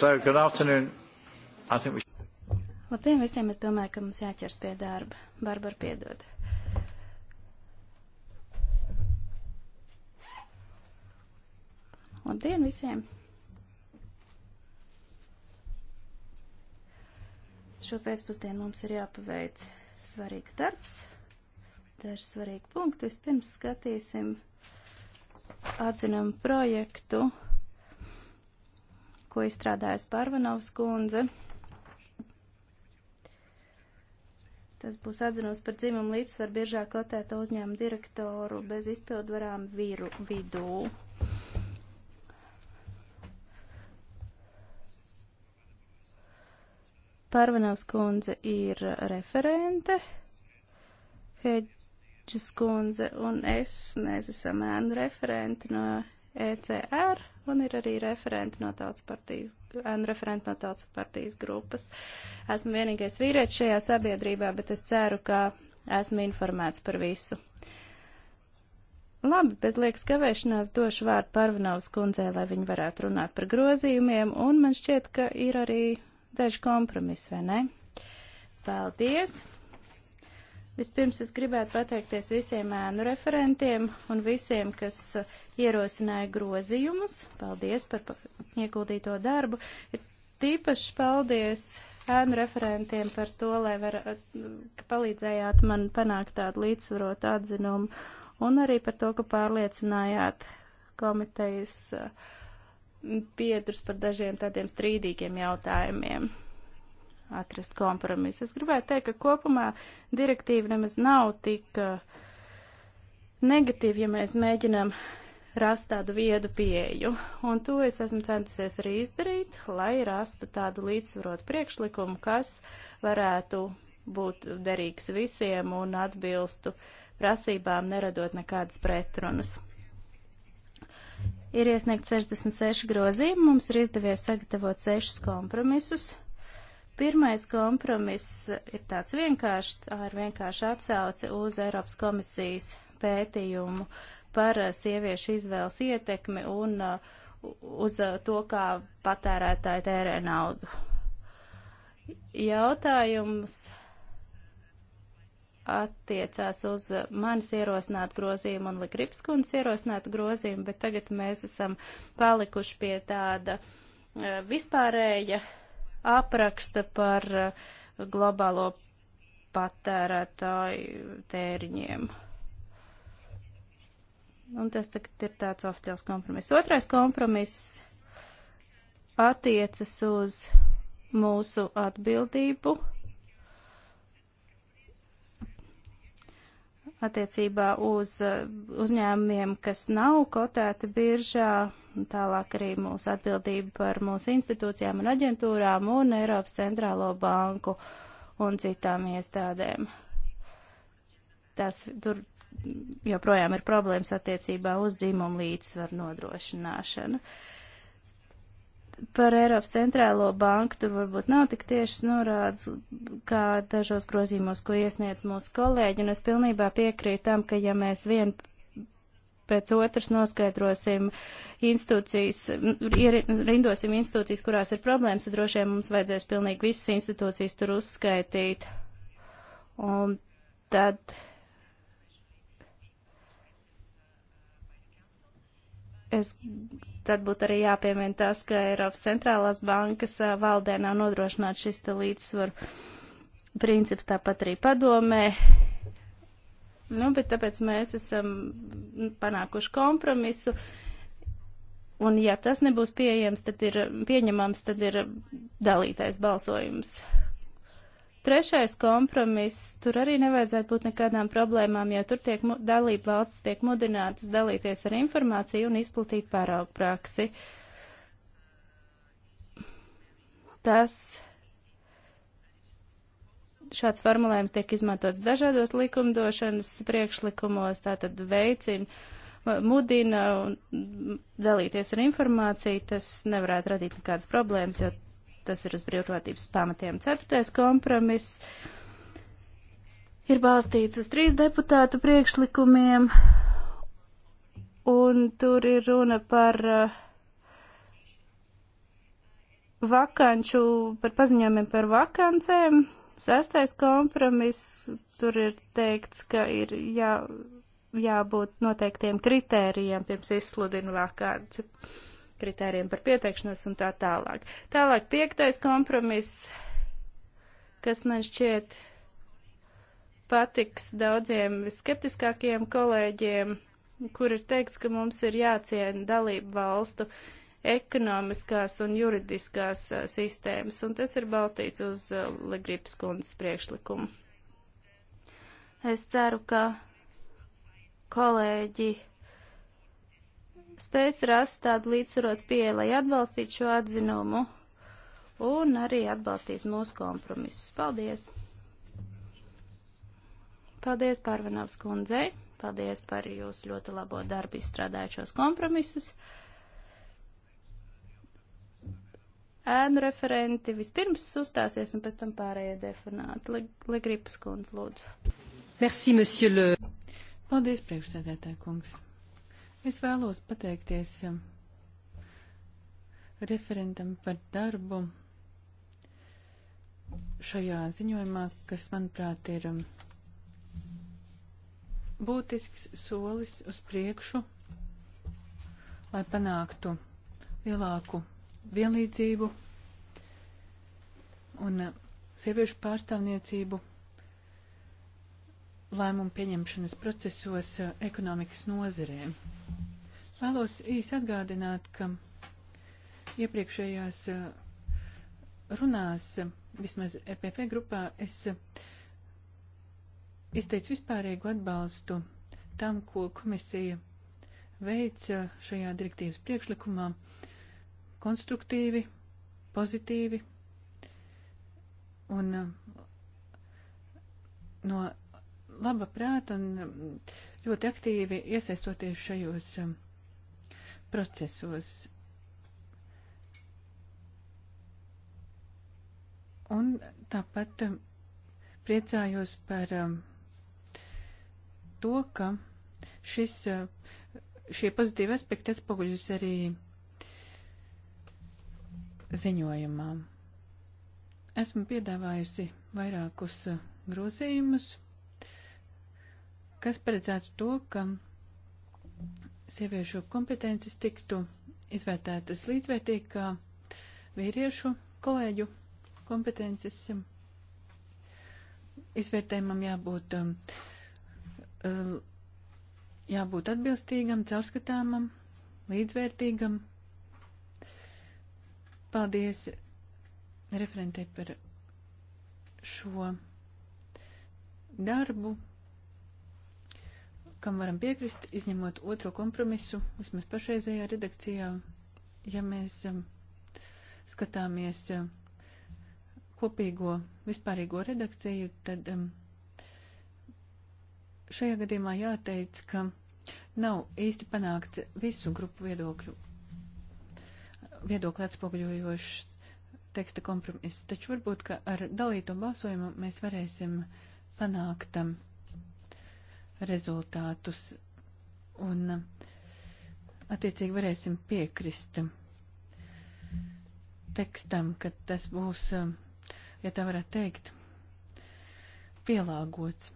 So, good afternoon. I think we should... Labdien visiem, es domāju, ka mums jāķers pie darba. Barbara piedod. Labdien visiem! Šo pēcpusdienu mums ir jāpaveic svarīgs darbs, daži svarīgi punkti. Vispirms skatīsim atzinumu projektu ko izstrādājas Parvanovs kundze. Tas būs atzinums par dzimumu līdzsvaru biežāk kotēta uzņēmuma direktoru bez izpildvarām viru vidū. Parvanovs kundze ir referente, Hedžas kundze un es, mēs esam ēnu referenti no ECR un ir arī referenti no tautas partijas, referenti no tautas partijas grupas. Esmu vienīgais vīrietis šajā sabiedrībā, bet es ceru, ka esmu informēts par visu. Labi, bez liekas kavēšanās došu vārdu Parvanovas kundzē, lai viņi varētu runāt par grozījumiem, un man šķiet, ka ir arī daži kompromisi, vai ne? Paldies! Vispirms es gribētu pateikties visiem ēnu referentiem un visiem, kas uh, ierosināja grozījumus. Paldies par ieguldīto darbu. Ir tīpaši paldies ēnu referentiem par to, lai var, uh, ka palīdzējāt man panākt tādu līdzsvarotu atzinumu un arī par to, ka pārliecinājāt komitejas uh, biedrus par dažiem tādiem strīdīgiem jautājumiem atrast kompromisu. Es gribētu teikt, ka kopumā direktīva nemaz nav tik uh, negatīva, ja mēs mēģinām rast tādu viedu pieeju. Un to es esmu centusies arī izdarīt, lai rastu tādu līdzsvarotu priekšlikumu, kas varētu būt derīgs visiem un atbilstu prasībām, neradot nekādas pretrunas. Ir iesniegt 66 grozījumi, mums ir izdevies sagatavot sešus kompromisus, Pirmais kompromiss ir tāds vienkāršs, tā ir vienkārši atsauce uz Eiropas komisijas pētījumu par eh, sieviešu izvēles ietekmi un eh, uz eh, to, kā patērētāji tērē naudu. Jautājums attiecās uz manis ierosinātu grozījumu un Likripskundas ierosinātu grozījumu, bet tagad mēs esam palikuši pie tāda vispārēja uh, apraksta par eh, globālo patērētāju tēriņiem. Un tas tagad ir tāds oficiāls kompromiss. Otrais kompromiss attiecas uz mūsu atbildību attiecībā uz eh, uzņēmumiem, kas nav kotēti biržā tālāk arī mūsu atbildība par mūsu institūcijām un aģentūrām un Eiropas centrālo banku un citām iestādēm. Tas tur joprojām ir problēmas attiecībā uz dzimumu līdzsvaru nodrošināšanu. Par Eiropas centrālo banku tur varbūt nav tik tiešas norādes, kā dažos grozījumos, ko iesniedz mūsu kolēģi, un es pilnībā piekrītu tam, ka ja mēs vien pēc otras noskaidrosim institūcijas, rindosim institūcijas, kurās ir problēmas, tad droši vien mums vajadzēs pilnīgi visas institūcijas tur uzskaitīt. Un tad. Es tad būtu arī jāpiemina tas, ka Eiropas centrālās bankas valdē nav nodrošināts šis līdzsvaru princips, tāpat arī padomē Nu, bet tāpēc mēs esam panākuši kompromisu. Un ja tas nebūs pieejams, tad ir pieņemams, tad ir dalītais balsojums. Trešais kompromiss, tur arī nevajadzētu būt nekādām problēmām, jo tur tiek dalība valsts tiek mudinātas dalīties ar informāciju un izplatīt pāraugpraksi. praksi tas šāds formulējums tiek izmantots dažādos likumdošanas priekšlikumos, tātad veicina, mudina un dalīties ar informāciju, tas nevarētu radīt nekādas problēmas, jo tas ir uz brīvprātības pamatiem. Ceturtais kompromiss ir balstīts uz trīs deputātu priekšlikumiem, un tur ir runa par uh, vakanču, par paziņojumiem par vakancēm, Sastais kompromiss, tur ir teikts, ka ir jā, jābūt noteiktiem kritērijiem pirms izsludināt kādu kritērijiem par pieteikšanos un tā tālāk. Tālāk piektais kompromiss, kas man šķiet patiks daudziem skeptiskākiem kolēģiem, kur ir teikts, ka mums ir jāciena dalību valstu uh, ekonomiskās un juridiskās a, sistēmas, un tas ir balstīts uz Ligripas kundzes priekšlikumu. Es ceru, ka kolēģi spēs rast tādu līdzsvarot pieeja, lai atbalstītu šo atzinumu un arī atbalstīs mūsu kompromisus. Paldies! Paldies Pārvanovs kundzei! Paldies par jūsu ļoti labo darbu izstrādājušos kompromisus! ēnu referenti. Vispirms uzstāsies un pēc tam pārējie definēti. Ligripas kundze, lūdzu. Merci, monsieur le. Paldies, priekšsēdētāj kungs. Es vēlos pateikties um, referentam par darbu šajā ziņojumā, kas, manuprāt, ir um, būtisks solis uz priekšu, lai panāktu lielāku vienlīdzību un uh, sieviešu pārstāvniecību lēmumu pieņemšanas procesos uh, ekonomikas nozerēm. Vēlos īsi atgādināt, ka iepriekšējās uh, runās, vismaz EPP grupā, es izteicu vispārīgu atbalstu tam, ko komisija veica šajā direktīvas priekšlikumā, uh, konstruktīvi, pozitīvi un uh, no laba prāta un um, ļoti aktīvi iesaistoties šajos um, procesos. Un tāpat um, priecājos par to, ka šis, uh, šie pozitīvi aspekti atspoguļus arī ziņojumā. Esmu piedāvājusi vairākus uh, grozījumus, kas paredzētu to, ka sieviešu kompetences tiktu izvērtētas līdzvērtīgi kā vīriešu kolēģu kompetences. Izvērtējumam jābūt, um, uh, jābūt atbilstīgam, caurskatāmam, līdzvērtīgam, Paldies referentē par šo darbu, kam varam piekrist, izņemot otro kompromisu, vismaz pašreizējā redakcijā. Ja mēs um, skatāmies um, kopīgo vispārīgo redakciju, tad um, šajā gadījumā jāteic, ka nav īsti panākts visu grupu viedokļu viedokli atspoguļojošs teksta kompromiss, taču varbūt, ka ar dalīto balsojumu mēs varēsim panākt um, rezultātus un um, attiecīgi varēsim piekrist um, tekstam, ka tas būs, um, ja tā varētu teikt, pielāgots.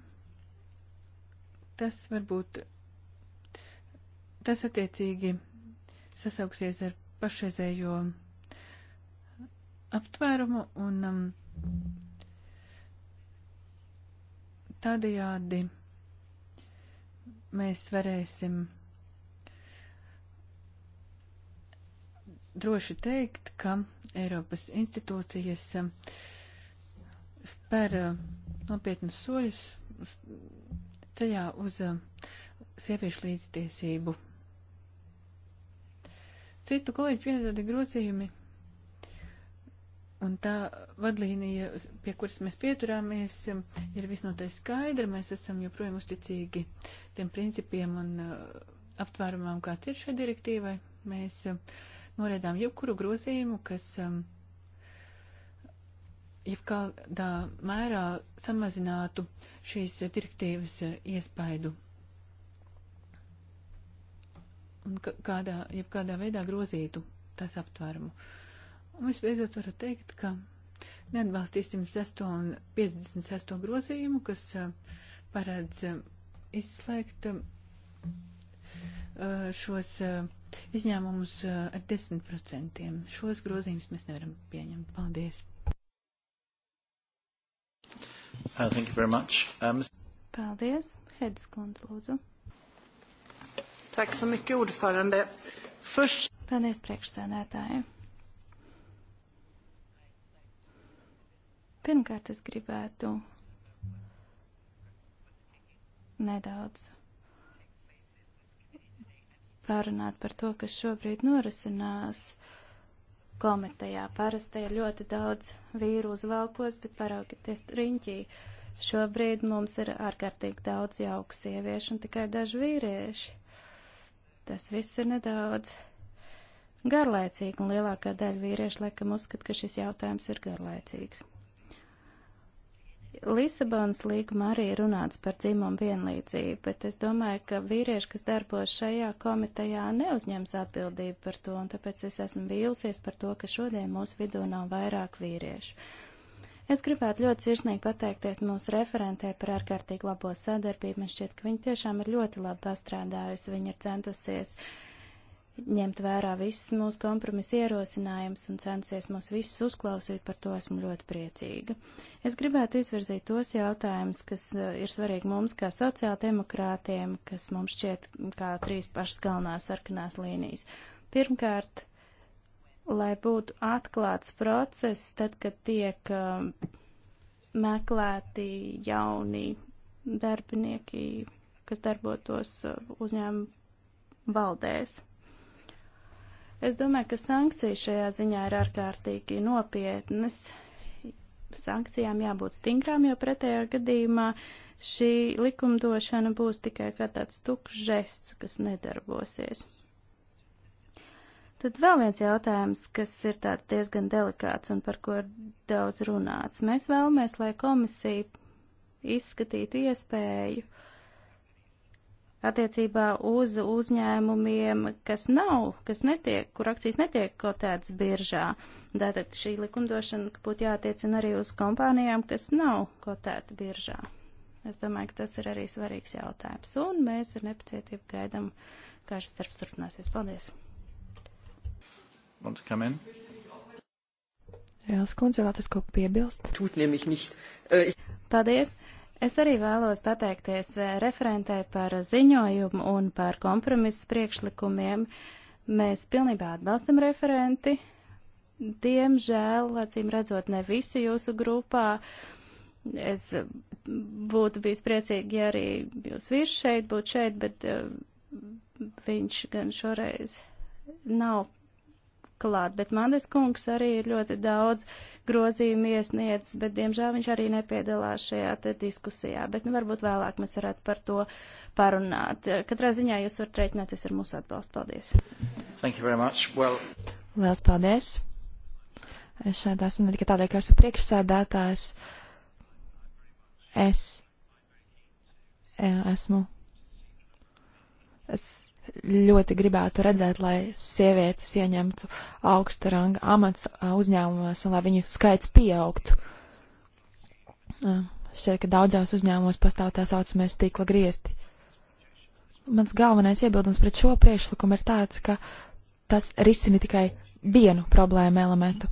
Tas varbūt, tas attiecīgi sasauksies ar pašreizējo aptvērumu un um, tādējādi mēs varēsim droši teikt, ka Eiropas institūcijas um, spēr um, nopietnus soļus ceļā uz um, sieviešu līdztiesību citu kolēģu piedodati grozījumi. Un tā vadlīnija, pie kuras mēs pieturāmies, ir visnotaļ skaidra. Mēs esam joprojām uzticīgi tiem principiem un uh, aptvērumam, kāds ir šai direktīvai. Mēs uh, norēdām jebkuru grozījumu, kas um, jebkādā mērā samazinātu šīs direktīvas uh, iespaidu un kādā, jebkādā veidā grozītu tas aptvērumu. Un visbeidzot varu teikt, ka neatbalstīsim 6. un 56. grozījumu, kas uh, paredz uh, izslēgt uh, šos izņēmumus ar 10%. Šos grozījumus mēs nevaram pieņemt. Paldies! Uh, thank you very much. Um, Paldies. Hedis kundze, lūdzu. Tack så mycket, ordförande. Först... Paldies, priekšsēdētāji. Pirmkārt, es gribētu nedaudz pārunāt par to, kas šobrīd norisinās komitejā. Parasti ir ļoti daudz vīru uz valkos, bet paraugieties riņķī. Šobrīd mums ir ārkārtīgi daudz jauku sieviešu un tikai daži vīrieši. Tas viss ir nedaudz garlaicīgi, un lielākā daļa vīriešu laikam uzskata, ka šis jautājums ir garlaicīgs. Lisabonas līguma arī runāts par dzimumu vienlīdzību, bet es domāju, ka vīrieši, kas darbos šajā komitejā, neuzņems atbildību par to, un tāpēc es esmu vīlusies par to, ka šodien mūsu vidū nav vairāk vīriešu. Es gribētu ļoti sirsnīgi pateikties mūsu referentē par ārkārtīgi labo sadarbību. Man šķiet, ka viņa tiešām ir ļoti labi pastrādājusi. Viņa ir centusies ņemt vērā visus mūsu kompromisa ierosinājumus un censies mūs visus uzklausīt, par to esmu ļoti priecīga. Es gribētu izvirzīt tos jautājumus, kas eh, ir svarīgi mums kā sociāldemokrātiem, kas mums šķiet kā trīs pašas galvenās sarkanās līnijas. Pirmkārt, lai būtu atklāts process, tad, kad tiek uh, meklēti jauni darbinieki, kas darbotos uh, uzņēmumu valdēs. Es domāju, ka sankcijas šajā ziņā ir ārkārtīgi nopietnas. Sankcijām jābūt stingrām, jo pretējā gadījumā šī likumdošana būs tikai kā tāds tukšs žests, kas nedarbosies. Tad vēl viens jautājums, kas ir tāds diezgan delikāts un par ko ir daudz runāts. Mēs vēlamies, lai komisija izskatītu iespēju attiecībā uz uzņēmumiem, kas nav, kas netiek, kur akcijas netiek kotētas biržā. Tātad šī likumdošana būtu jātiecina arī uz kompānijām, kas nav kotēta biržā. Es domāju, ka tas ir arī svarīgs jautājums, un mēs ar nepacietību gaidam, kā šis darbs turpināsies. Paldies! want to come in? Rēls kundze, vēlaties ko piebilst? Tūt nemīgi nicht. Paldies! Es arī vēlos pateikties referentē par ziņojumu un par kompromisu priekšlikumiem. Mēs pilnībā atbalstam referenti. Diemžēl, acīm redzot, ne visi jūsu grupā. Es būtu bijis priecīgi, ja arī jūs vīrs šeit būtu šeit, bet viņš gan šoreiz nav klāt, bet Mandes kungs arī ir ļoti daudz grozījumu iesniedzis, bet diemžēl viņš arī nepiedalās šajā te diskusijā, bet nu, varbūt vēlāk mēs varētu par to parunāt. Katrā ziņā jūs varat rēķināties ar mūsu atbalstu. Paldies! Thank you very much. Well... Liels paldies! Es šeit esmu ne tikai tādēļ, ka esmu priekšsēdētājs. Es eh, esmu. Es ļoti gribētu redzēt, lai sievietes ieņemtu augsta ranga amats uzņēmumos un lai viņu skaits pieaugtu. Šķiet, ka daudzās uzņēmumos pastāv tā saucamies tīkla griesti. Mans galvenais iebildums pret šo priekšlikumu ir tāds, ka tas risina tikai vienu problēmu elementu.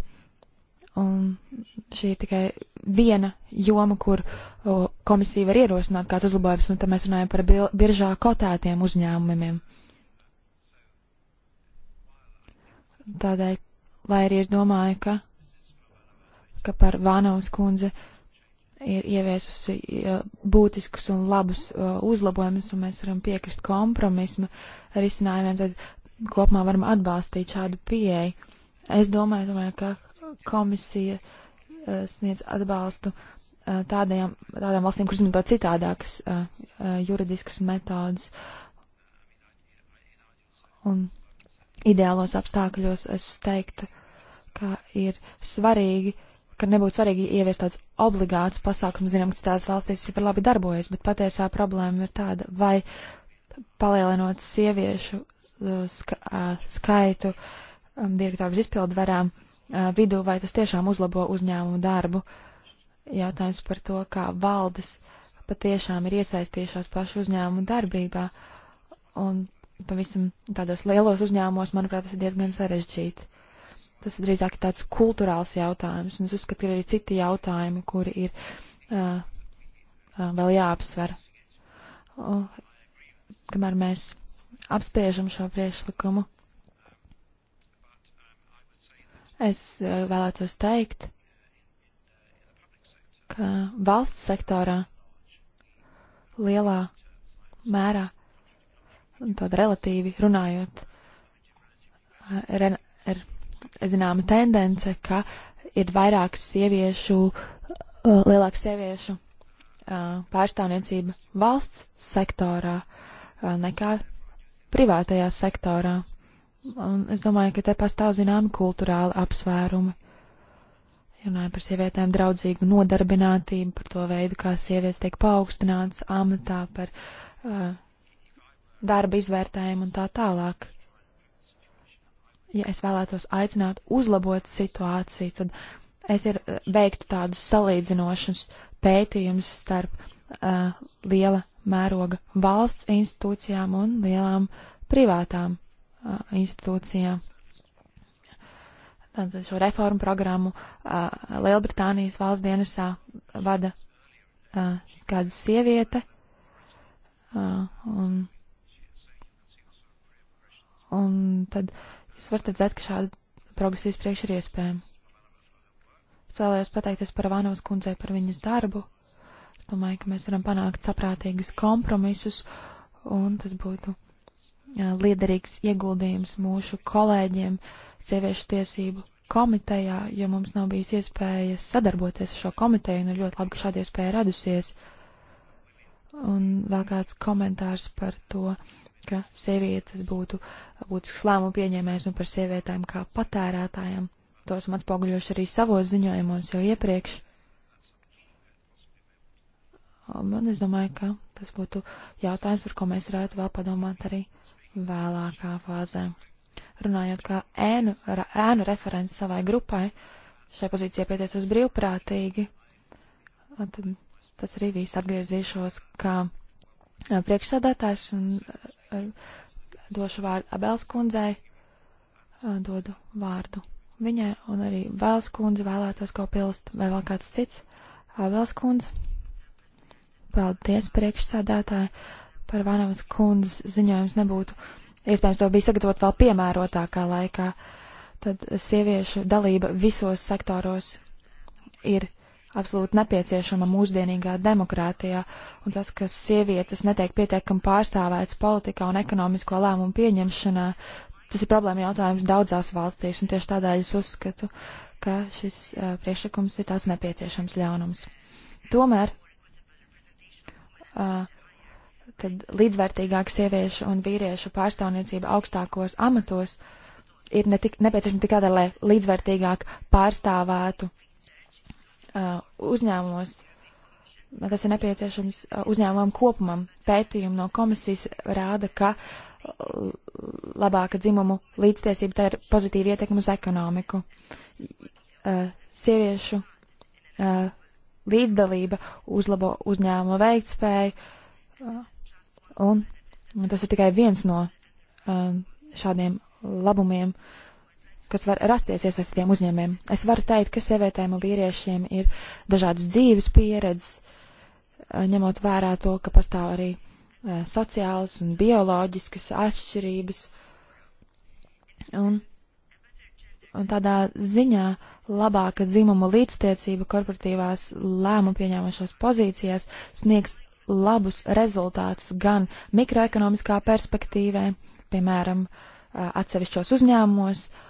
Un šī ir tikai viena joma, kur o, komisija var ierosināt kāds uzlabojums, un tad mēs runājam par biržā kotētiem uzņēmumiem. Uh, Tādēļ, lai arī es domāju, ka, ka par Vānaus kundze ir ieviesusi uh, būtiskus un labus uh, uzlabojumus, un mēs varam piekrist kompromismu risinājumiem, tad kopumā varam atbalstīt šādu pieeju. Es domāju, tomēr, ka komisija uh, sniedz atbalstu e, tādajām, tādām valstīm, kuras izmanto citādākas e, juridiskas metodas. Un ideālos apstākļos es teiktu, ka ir svarīgi, ka nebūtu svarīgi ieviest tāds obligāts pasākums, zinām, ka citās valstīs jau labi darbojas, bet patiesā problēma ir tāda, vai palielinot sieviešu uh, ska, uh, skaitu um, direktorus izpildu varām uh, vidū, vai tas tiešām uzlabo uzņēmumu darbu. Jautājums par to, kā valdes patiešām ir iesaistījušās pašu uzņēmumu darbībā. Un pavisam tādos lielos uzņēmumos, manuprāt, tas ir diezgan sarežģīti. Tas drīzāk ir tāds kultūrāls jautājums, un es uzskatu, ka ir arī citi jautājumi, kuri ir uh, uh, vēl jāapsver. Uh, kamēr mēs apspiežam šo priekšlikumu, es uh, vēlētos teikt, ka valsts sektorā lielā mērā tāda relatīvi runājot, ir, er, ir zināma tendence, ka ir vairāk sieviešu, uh, lielāka sieviešu uh, pārstāvniecība valsts sektorā uh, nekā privātajā sektorā. Un es domāju, ka te pastāv zināmi kultūrāli apsvērumi. Runājot par sievietēm draudzīgu nodarbinātību, par to veidu, kā sievietes tiek paaugstināts amatā, par uh, darba izvērtējumu un tā tālāk. Ja es vēlētos aicināt uzlabot situāciju, tad es ir eh, veiktu tādus salīdzinošus pētījumus starp uh, liela mēroga valsts institūcijām un lielām privātām uh, institūcijām. Tātad šo reformu programmu uh, Lielbritānijas valsts dienasā vada uh, kāda sieviete. Uh, un Un tad jūs varat redzēt, ka šāda progresīvas priekš ir iespējama. Es vēlējos pateikties par Vānavas kundzei par viņas darbu. Es domāju, ka mēs varam panākt saprātīgus kompromisus, un tas būtu jā, liederīgs ieguldījums mūsu kolēģiem sieviešu tiesību komitejā, jo mums nav bijis iespējas sadarboties ar šo komiteju, nu ļoti labi, ka šāda iespēja radusies. Un vēl kāds komentārs par to ka sievietes būtu būtisks lēmumu pieņēmējs un par sievietēm kā patērētājiem. To esam atspoguļojuši arī savos ziņojumos jau iepriekš. Man um, es domāju, ka tas būtu jautājums, par ko mēs varētu vēl padomāt arī vēlākā fāzē. Runājot kā ēnu, ra, ēnu referents savai grupai, šai pozīcijai pieteicos brīvprātīgi, tad tas arī viss atgriezīšos kā priekšsādātājs un došu vārdu Abels kundzei, dodu vārdu viņai, un arī Vēls kundze vēlētos ko pilst, vai vēl kāds cits. Abels kundze, paldies priekšsādātāji par Vanavas kundzes ziņojums nebūtu. Iespējams, to bija sagatavot vēl piemērotākā laikā. Tad sieviešu dalība visos sektoros ir absolūti nepieciešama mūsdienīgā demokrātijā, un tas, ka sievietes netiek pietiekami pārstāvētas politikā un ekonomisko lēmumu pieņemšanā, tas ir problēma jautājums daudzās valstīs, un tieši tādēļ es uzskatu, ka šis uh, priekšlikums ir tāds nepieciešams ļaunums. Tomēr uh, tad līdzvērtīgāka sieviešu un vīriešu pārstāvniecība augstākos amatos ir ne tik, nepieciešama tikai tādēļ, lai līdzvērtīgāk pārstāvētu Uh, uzņēmumos. Tas ir nepieciešams uh, uzņēmumam kopumam. Pētījumi no komisijas rāda, ka uh, labāka dzimumu līdztiesība tā ir pozitīva ietekme uz ekonomiku. Sieviešu līdzdalība uzlabo uzņēmuma veiktspēju, un tas ir tikai viens no šādiem labumiem. Uh, kas var rasties iesaistītiem uzņēmējiem. Es varu teikt, ka sievietēm un vīriešiem ir dažādas dzīves pieredzes, eh, ņemot vērā to, ka pastāv arī eh, sociālas un bioloģiskas atšķirības. Un, un tādā ziņā labāka dzimuma līdztiecība korporatīvās lēmumu pieņēmošās pozīcijās sniegs labus rezultātus gan mikroekonomiskā perspektīvē, piemēram, eh, atsevišķos uzņēmumos, uh,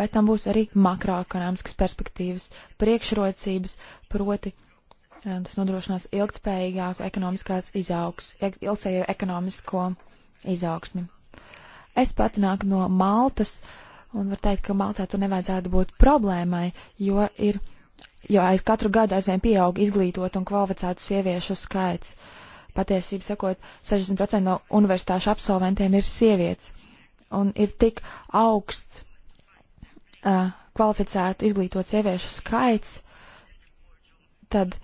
bet tam būs arī makroekonomiskas perspektīvas priekšrocības, proti e, tas nodrošinās ilgtspējīgāku ekonomiskās izaugs, e, ilgtspējīgu ekonomisko izaugsmi. Es pati nāku no Maltas, un var teikt, ka Maltā tur nevajadzētu būt problēmai, jo ir, jo aiz katru gadu aizvien pieaug izglītot un kvalificētu sieviešu skaits. Patiesību sakot, 60% no universitāšu absolventiem ir sievietes, un ir tik augsts kvalificētu, izglītotu sieviešu skaits, tad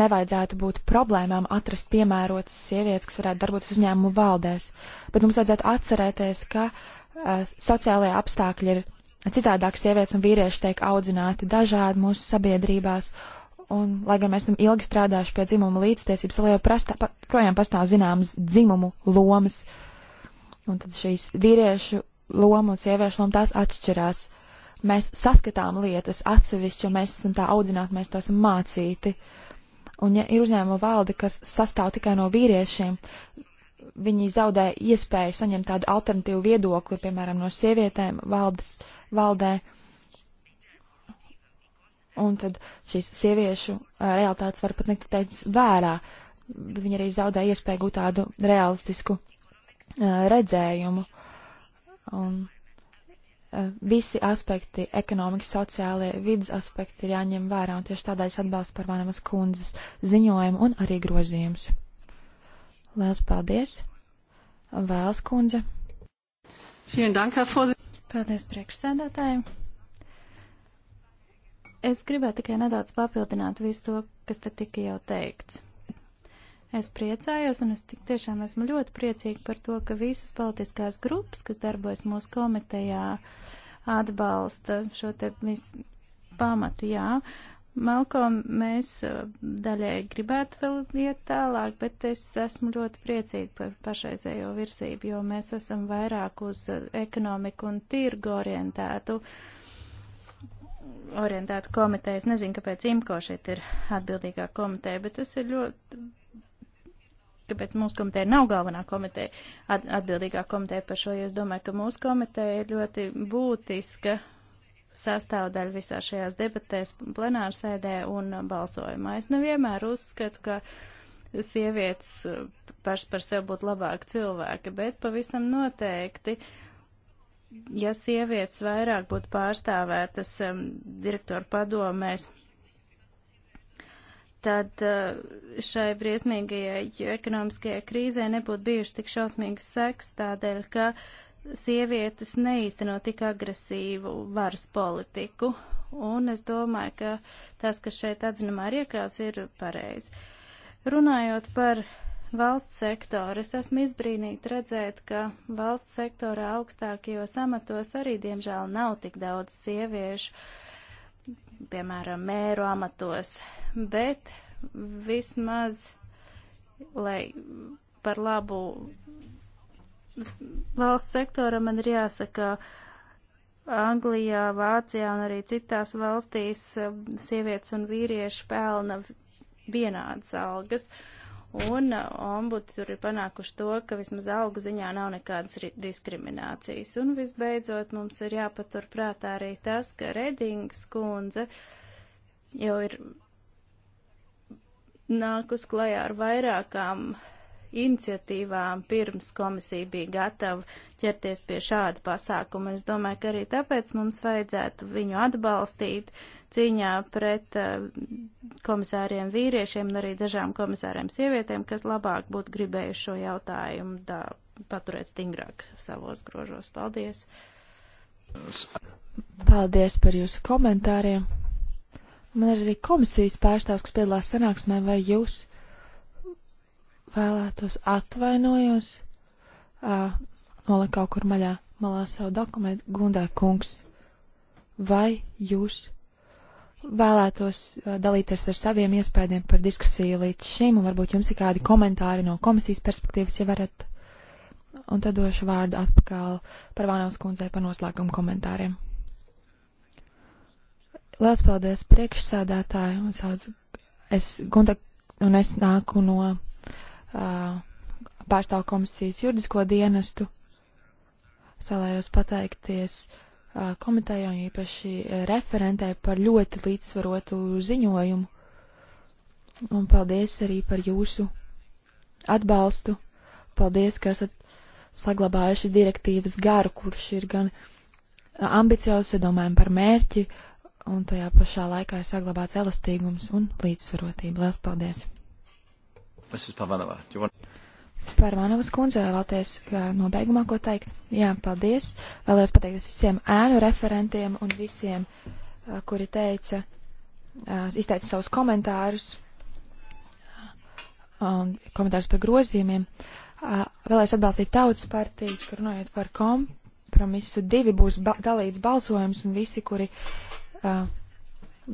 nevajadzētu būt problēmām atrast piemērotas sievietes, kas varētu darboties uzņēmumu valdēs. Bet mums vajadzētu atcerēties, ka uh, sociālajie apstākļi ir citādāk sievietes un vīrieši tiek audzināti dažādi mūsu sabiedrībās. Un, lai gan mēs esam ilgi strādājuši pie dzimuma līdztiesības, lai joprojām pastāv zināmas dzimumu lomas. Un tad šīs vīriešu loma un sieviešu loma tās atšķirās mēs saskatām lietas atsevišķi, jo mēs esam tā audzināti, mēs to esam mācīti. Un ja ir uzņēmuma valde, kas sastāv tikai no vīriešiem, viņi zaudē iespēju saņemt tādu alternatīvu viedokli, piemēram, no sievietēm valdes, valdē. Un tad šīs sieviešu eh, realitātes var pat netikt teicis vērā. Viņi arī zaudē iespēju gūt tādu realistisku uh, redzējumu. Un, Eh, visi aspekti, ekonomikas, sociālie, vidas aspekti ir jāņem vērā, un tieši tādēļ es atbalstu par Vānamas kundzes ziņojumu un arī grozījumus. Lielas paldies! Vēls kundze! Paldies priekšsēdētājiem! Es gribētu tikai nedaudz papildināt visu to, kas te tika jau teikts. Es priecājos, un es tik tiešām esmu ļoti priecīga par to, ka visas politiskās grupas, kas darbojas mūsu komitejā, atbalsta šo te visu pamatu, jā. Malkom, mēs uh, daļai gribētu vēl iet tālāk, bet es esmu ļoti priecīga par pašreizējo virzību, jo mēs esam vairāk uz uh, ekonomiku un tirgu orientētu orientēta komiteja. Es nezinu, kāpēc IMCO šeit ir atbildīgā komiteja, bet tas ir ļoti kāpēc mūsu komiteja nav galvenā komiteja, atbildīgā komiteja par šo, jo es domāju, ka mūsu komiteja ir ļoti būtiska sastāvdaļa visā šajās debatēs, plenārsēdē un balsojumā. Es nevienmēr uzskatu, ka sievietes uh, pašas par sevi būtu labāki cilvēki, bet pavisam noteikti, ja sievietes vairāk būtu pārstāvētas um, direktoru padomēs, tad eh, šai briesmīgajai ekonomiskajai krīzē nebūtu bijuši tik šausmīgas seks, tādēļ, ka sievietes neīsteno tik agresīvu varas politiku. Un es domāju, ka tas, kas šeit atzinumā ir iekļauts, ir pareizi. Runājot par valsts sektoru, es esmu izbrīnīta redzēt, ka valsts sektora augstākajos amatos arī, diemžēl, nav tik daudz sieviešu. Uh, piemēram, mēru amatos, bet vismaz, lai par labu valsts sektora man ir jāsaka, Anglijā, Vācijā un arī citās valstīs uh, sievietes un vīrieši pelna vienādas algas. Uh, un uh, ombudi tur ir panākuši to, ka vismaz algu ziņā nav nekādas diskriminācijas. Un visbeidzot, mums ir jāpatur prātā arī tas, ka Redings kundze jau ir nākus klajā ar vairākām iniciatīvām pirms komisija bija gatava ķerties pie šāda pasākuma. Es domāju, ka arī tāpēc mums vajadzētu viņu atbalstīt, uh, cīņā pret eh, komisāriem vīriešiem un arī dažām komisāriem sievietēm, kas labāk būtu gribējuši šo jautājumu dā, paturēt stingrāk savos grožos. Paldies! Paldies par jūsu komentāriem! Man ir arī komisijas pārstāvs, kas piedalās sanāksmē, vai jūs vēlētos atvainojos? Uh, nolika kaut kur maļā, malā savu dokumentu, Gundā kungs. Vai jūs vēlētos uh, dalīties ar saviem iespējām par diskusiju līdz šim, un varbūt jums ir kādi komentāri no komisijas perspektīvas, ja varat. Un tad došu vārdu atpakaļ par Vānavas kundzei par noslēgumu komentāriem. Lielas paldies priekšsādātāji, un sauc, es Gunta, un es nāku no uh, pārstāvu komisijas juridisko dienestu. Es vēlējos pateikties uh, komitējai un īpaši referentē par ļoti līdzsvarotu ziņojumu. Un paldies arī par jūsu atbalstu. Paldies, ka esat saglabājuši direktīvas garu, kurš ir gan ambiciozs, ja domājam par mērķi, un tajā pašā laikā ir saglabāts elastīgums un līdzsvarotība. Lielas paldies! Mrs. Pavanova, do you want? Par Vanovas kundze vēlaties uh, nobeigumā ko teikt? Jā, paldies. Vēlos pateikt visiem ēnu referentiem un visiem, uh, kuri teica, uh, izteica savus komentārus un komentārus par grozījumiem. Vēlēs atbalstīt tautas partiju, kur runājot par kompromisu. Divi būs ba dalīts balsojums un visi, kuri uh,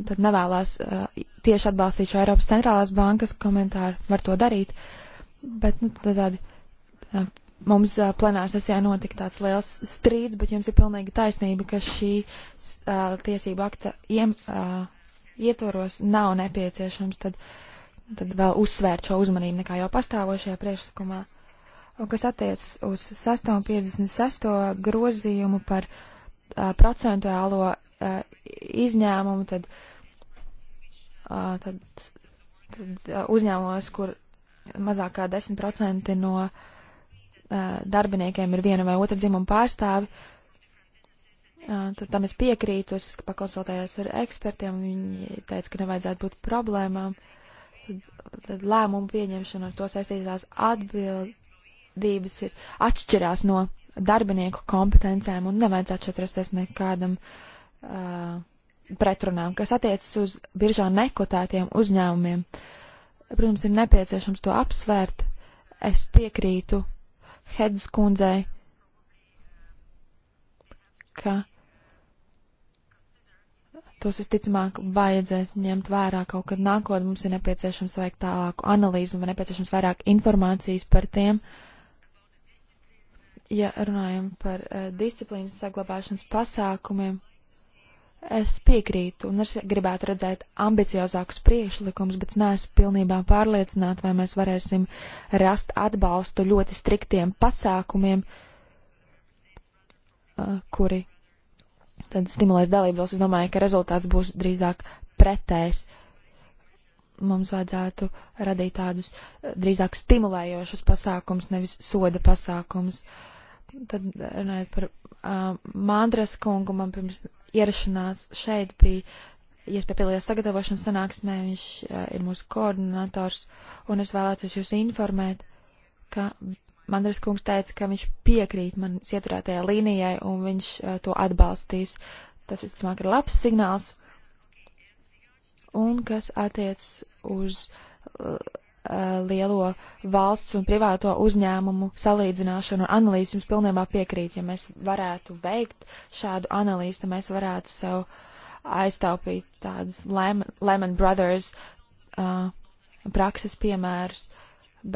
tad nevēlās uh, tieši atbalstīt šo Eiropas centrālās bankas komentāru, var to darīt. Uh, Bet, nu, tādi, tā, mums uh, plenāra sesijā notika tāds liels strīds, bet jums ir pilnīgi taisnība, ka šī uh, tiesība akta iem, uh, ietvaros nav nepieciešams tad, tad vēl uzsvērt šo uzmanību nekā jau pastāvošajā priekšlikumā. Un kas attiecas uz 656. grozījumu par uh, procentuālo uh, izņēmumu, tad, uh, tad, tad uh, uzņēmumos, kur mazāk kā 10% no uh, darbiniekiem ir viena vai otra dzimuma pārstāvi. Uh, tad tam es piekrītu, es pakonsultējos ar ekspertiem, viņi teica, ka nevajadzētu būt problēmām. Tad, tad lēmumu pieņemšana ar to saistītās atbildības ir atšķirās no darbinieku kompetencēm un nevajadzētu šeit rasties nekādam uh, pretrunām, kas attiecas uz biržā nekotētiem uzņēmumiem. Uh, Protams, ir nepieciešams to apsvērt. Es piekrītu Hedas kundzei, ka tos visticamāk vajadzēs ņemt vērā kaut kad nākotnē. Mums ir nepieciešams veikt tālāku analīzi un vai nepieciešams vairāk informācijas par tiem. Ja runājam par uh, disciplīnas saglabāšanas pasākumiem, Es piekrītu un es gribētu redzēt ambiciozākus priekšlikumus, bet neesmu pilnībā pārliecināta, vai mēs varēsim rast atbalstu ļoti striktiem pasākumiem, kuri tad stimulēs dalībvalsts. Es domāju, ka rezultāts būs drīzāk pretējs. Mums vajadzētu radīt tādus drīzāk stimulējošus pasākums, nevis soda pasākums. Uh, Tad runājot par uh, Mandras kungu, man pirms ierašanās šeit bija iespēja piedalīties sagatavošanas sanāksmē, viņš uh, ir mūsu koordinators, un es vēlētos jūs informēt, ka Mandras kungs teica, ka viņš piekrīt manas ieturētajai līnijai, un viņš uh, to atbalstīs. Tas, visticamāk, ir labs signāls. Un kas attiec uz. Uh, Eh, lielo valsts un privāto uzņēmumu salīdzināšanu un analīzi jums pilnībā piekrīt. Ja mēs varētu veikt šādu analīzi, tad mēs varētu sev aiztaupīt tādas Lehman, Lehman Brothers uh, prakses piemērus.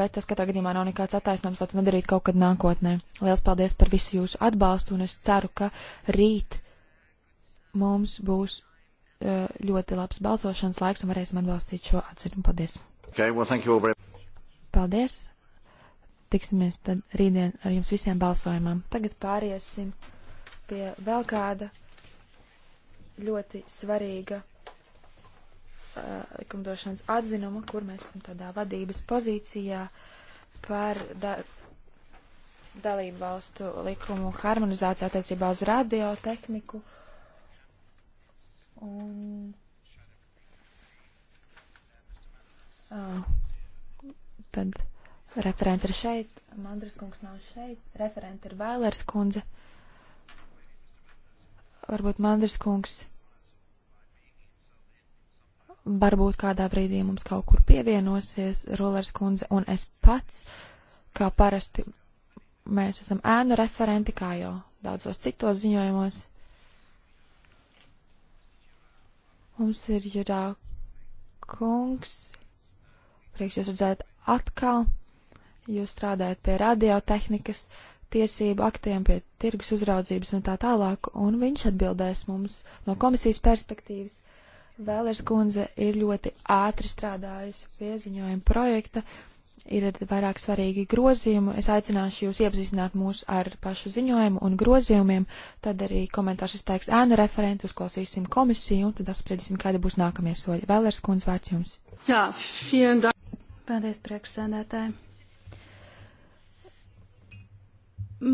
Bet tas katrā gadījumā nav nekāds attaisnojums, lai to nedarītu kaut kad nākotnē. Lielas paldies par visu jūsu atbalstu, un es ceru, ka rīt mums būs uh, ļoti labs balsošanas laiks un varēsim atbalstīt šo atzinumu. Paldies! Okay, well, thank you all very... Paldies! Tiksimies tad rītdien ar jums visiem balsojumam. Tagad pāriesim pie vēl kāda ļoti svarīga likumdošanas uh, atzinuma, kur mēs esam tādā vadības pozīcijā par dar dalību valstu likumu harmonizāciju attiecībā uz radiotehniku. Un Ah, tad referenti ir šeit, Mandras kungs nav šeit, referenti ir Vēlers kundze. Varbūt Mandras kungs varbūt kādā brīdī mums kaut kur pievienosies Rolers kundze un es pats, kā parasti mēs esam ēnu referenti, kā jau daudzos citos ziņojumos. Mums ir Jurā kungs, Priekš jūs redzēt atkal, jūs strādājat pie radiotehnikas tiesību aktiem, pie tirgus uzraudzības un tā tālāk, un viņš atbildēs mums no komisijas perspektīvas. Vēlers kundze ir ļoti ātri strādājusi pie ziņojuma projekta, ir vairāk svarīgi grozījumi. Es aicināšu jūs iepazīstināt mūs ar pašu ziņojumu un grozījumiem, tad arī komentārs izteiks ēnu referentu, uzklausīsim komisiju un tad apspriedīsim, kāda būs nākamie soļi. Vēlers kundze, vārds jums. Jā, vielen dank. Paldies, priekšsēdētāji.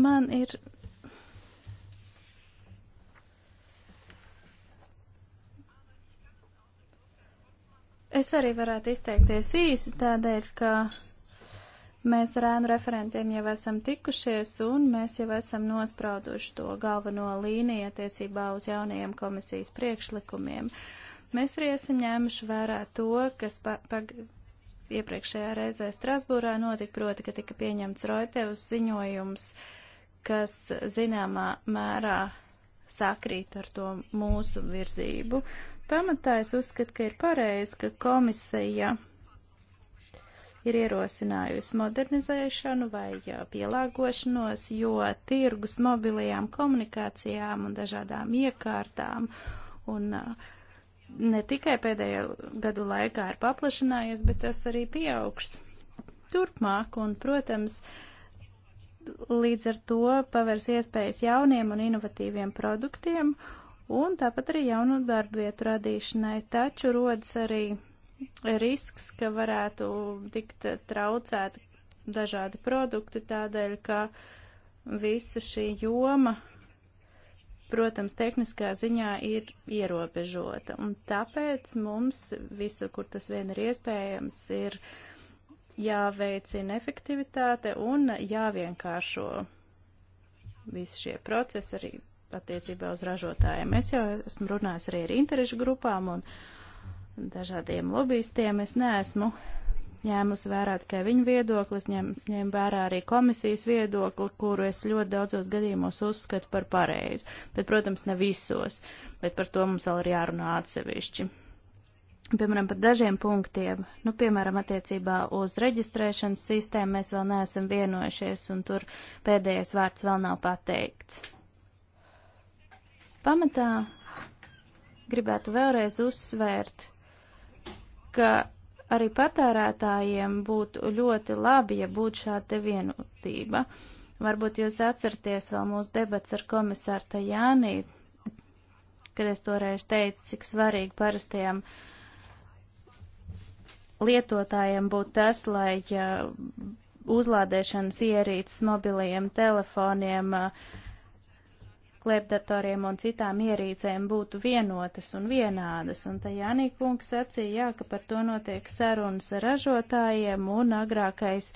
Man ir. Es arī varētu izteikties īsi tādēļ, ka mēs ar ēnu referentiem jau esam tikušies un mēs jau esam nosprauduši to galveno līniju attiecībā uz jaunajiem komisijas priekšlikumiem. Mēs arī esam ņēmuši vērā to, kas pa, pa, iepriekšējā reizē Strasbūrā notika, proti, ka tika pieņemts Roitevs ziņojums, kas zināmā mērā sakrīt ar to mūsu virzību. Pamatā es uzskatu, ka ir pareizi, ka komisija ir ierosinājusi modernizēšanu vai pielāgošanos, jo tirgus mobilajām komunikācijām un dažādām iekārtām un uh, ne tikai pēdējo gadu laikā ir paplašinājies, bet tas arī pieaugs turpmāk, un, protams, līdz ar to pavērs iespējas jauniem un inovatīviem produktiem, un tāpat arī jaunu darbu vietu radīšanai, taču rodas arī risks, ka varētu tikt traucēti dažādi produkti tādēļ, ka visa šī joma protams, tehniskā ziņā ir ierobežota. Un tāpēc mums visur, kur tas vien ir iespējams, ir jāveicina efektivitāte un jāvienkāršo visi šie procesi arī attiecībā uz ražotājiem. Es jau esmu runājis arī ar interešu grupām un dažādiem lobbyistiem. Es neesmu ņēmus vērā tikai viņu viedoklis, ņem, ņem vērā arī komisijas viedokli, kuru es ļoti daudzos gadījumos uzskatu par pareizu. Bet, protams, ne visos, bet par to mums vēl ir jārunā atsevišķi. Piemēram, par dažiem punktiem, nu, piemēram, attiecībā uz reģistrēšanas sistēmu mēs vēl neesam vienojušies, un tur pēdējais vārds vēl nav pateikts. Pamatā gribētu vēlreiz uzsvērt, ka arī patērētājiem būtu ļoti labi, ja būtu šāda vienotība. Varbūt jūs atceraties vēl mūsu debats ar komisāru Tajānī, kad es toreiz teicu, cik svarīgi parastajiem lietotājiem būtu tas, lai ja uzlādēšanas ierīces mobilajiem telefoniem uh, klēpdatoriem un citām ierīcēm būtu vienotas un vienādas. Un tā Jānī kungs sacīja, jā, ka par to notiek sarunas ar ražotājiem un agrākais,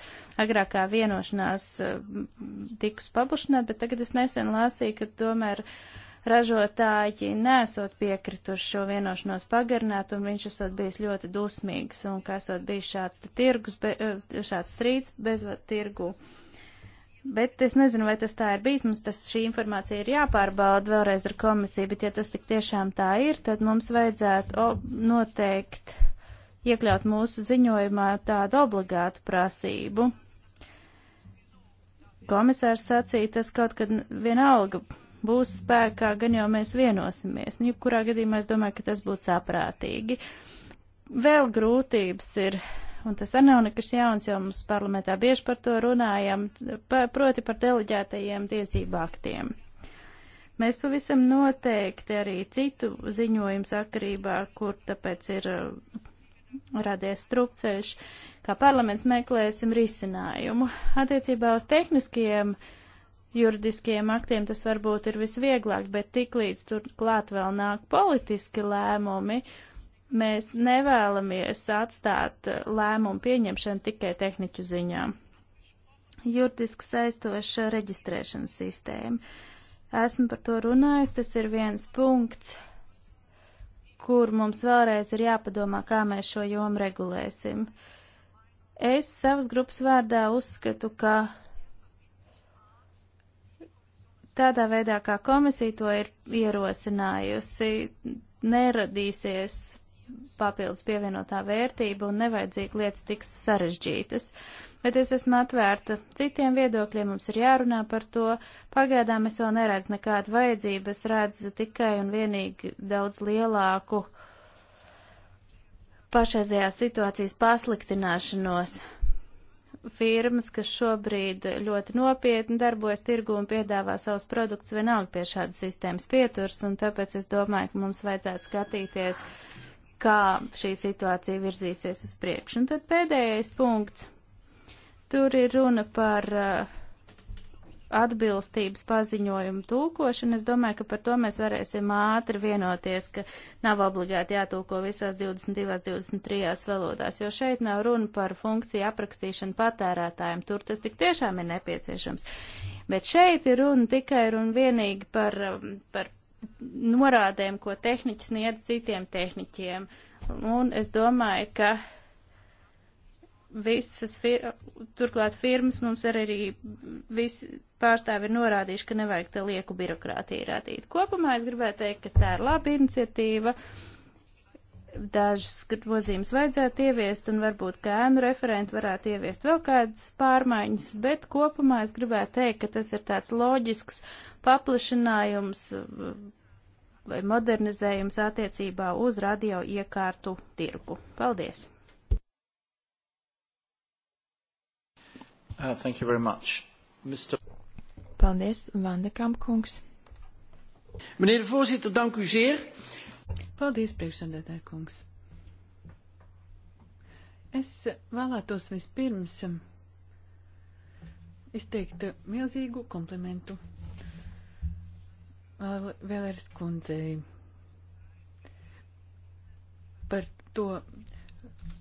agrākā vienošanās mm, tikus pabušanāt, bet tagad es nesen lasīju, ka tomēr ražotāji nesot piekrituši šo vienošanos pagarināt, un viņš esot bijis ļoti dusmīgs, un ka esot bijis šāds tirgus, be, eh, šāds strīds bez tirgu. Uh, Bet es nezinu, vai tas tā ir bijis. Mums tas, šī informācija ir jāpārbauda vēlreiz ar komisiju, bet ja tas tik tiešām tā ir, tad mums vajadzētu o, noteikt iekļaut mūsu ziņojumā tādu obligātu prasību. Komisārs sacīja, tas kaut kad vienalga būs spēkā, gan jau mēs vienosimies. Nu, jebkurā gadījumā es domāju, ka tas būtu saprātīgi. Vēl grūtības ir un tas arī nav nekas jauns, jo mums parlamentā bieži par to runājam, pa, proti par deleģētajiem tiesību aktiem. Mēs pavisam noteikti arī citu ziņojumu sakarībā, kur tāpēc ir uh, radies strupceļš, kā parlaments meklēsim risinājumu. Attiecībā uz tehniskajiem juridiskiem aktiem tas varbūt ir visvieglāk, bet tiklīdz tur klāt vēl nāk politiski lēmumi, uh, Mēs nevēlamies atstāt eh, lēmumu pieņemšanu tikai tehniķu ziņā. Juridiski saistoša reģistrēšanas sistēma. Esmu par to runājusi, tas ir viens punkts, kur mums vēlreiz ir jāpadomā, kā mēs šo jomu regulēsim. Es savas grupas vārdā uzskatu, ka tādā veidā, kā komisija to ir ierosinājusi, neradīsies papildus pievienotā vērtība un nevajadzīgi lietas tiks sarežģītas. Bet es esmu atvērta citiem viedokļiem, mums ir jārunā par to. Pagaidām es vēl neredzu nekādu vajadzību, es redzu tikai un vienīgi daudz lielāku pašreizējās situācijas pasliktināšanos firmas, kas šobrīd ļoti nopietni darbojas tirgu un piedāvā savus produktus vienalga pie šādas sistēmas pieturs, un tāpēc es domāju, ka mums vajadzētu skatīties kā šī situācija virzīsies uz priekšu. Un tad pēdējais punkts. Tur ir runa par uh, atbilstības paziņojumu tūkošanu. Es domāju, ka par to mēs varēsim ātri vienoties, ka nav obligāti jātūko visās 22, 23 valodās, jo šeit nav runa par funkciju aprakstīšanu patērētājiem. Tur tas tik tiešām ir nepieciešams. Bet šeit ir runa tikai un vienīgi par, um, par norādēm, ko tehniķis sniedz citiem tehniķiem. Un es domāju, ka visas, fir turklāt firmas mums arī, arī visi pārstāvi ir norādījuši, ka nevajag te lieku birokrātiju rādīt. Kopumā es gribēju teikt, ka tā ir laba iniciatīva. Uh, dažas grozījumus vajadzētu ieviest, un varbūt kā ēnu referenti varētu ieviest vēl kādas pārmaiņas, bet kopumā es gribētu teikt, ka tas ir tāds loģisks paplašinājums vai modernizējums attiecībā uz radio iekārtu tirgu. Paldies! Uh, thank you very much. Mr. Paldies, Vandekamp kungs. Meneer de voorzitter, dank u zeer. Uh, Paldies, priekšsēdētāji kungs. Es vēlētos vispirms izteikt milzīgu komplimentu Vēlēras kundzei par to,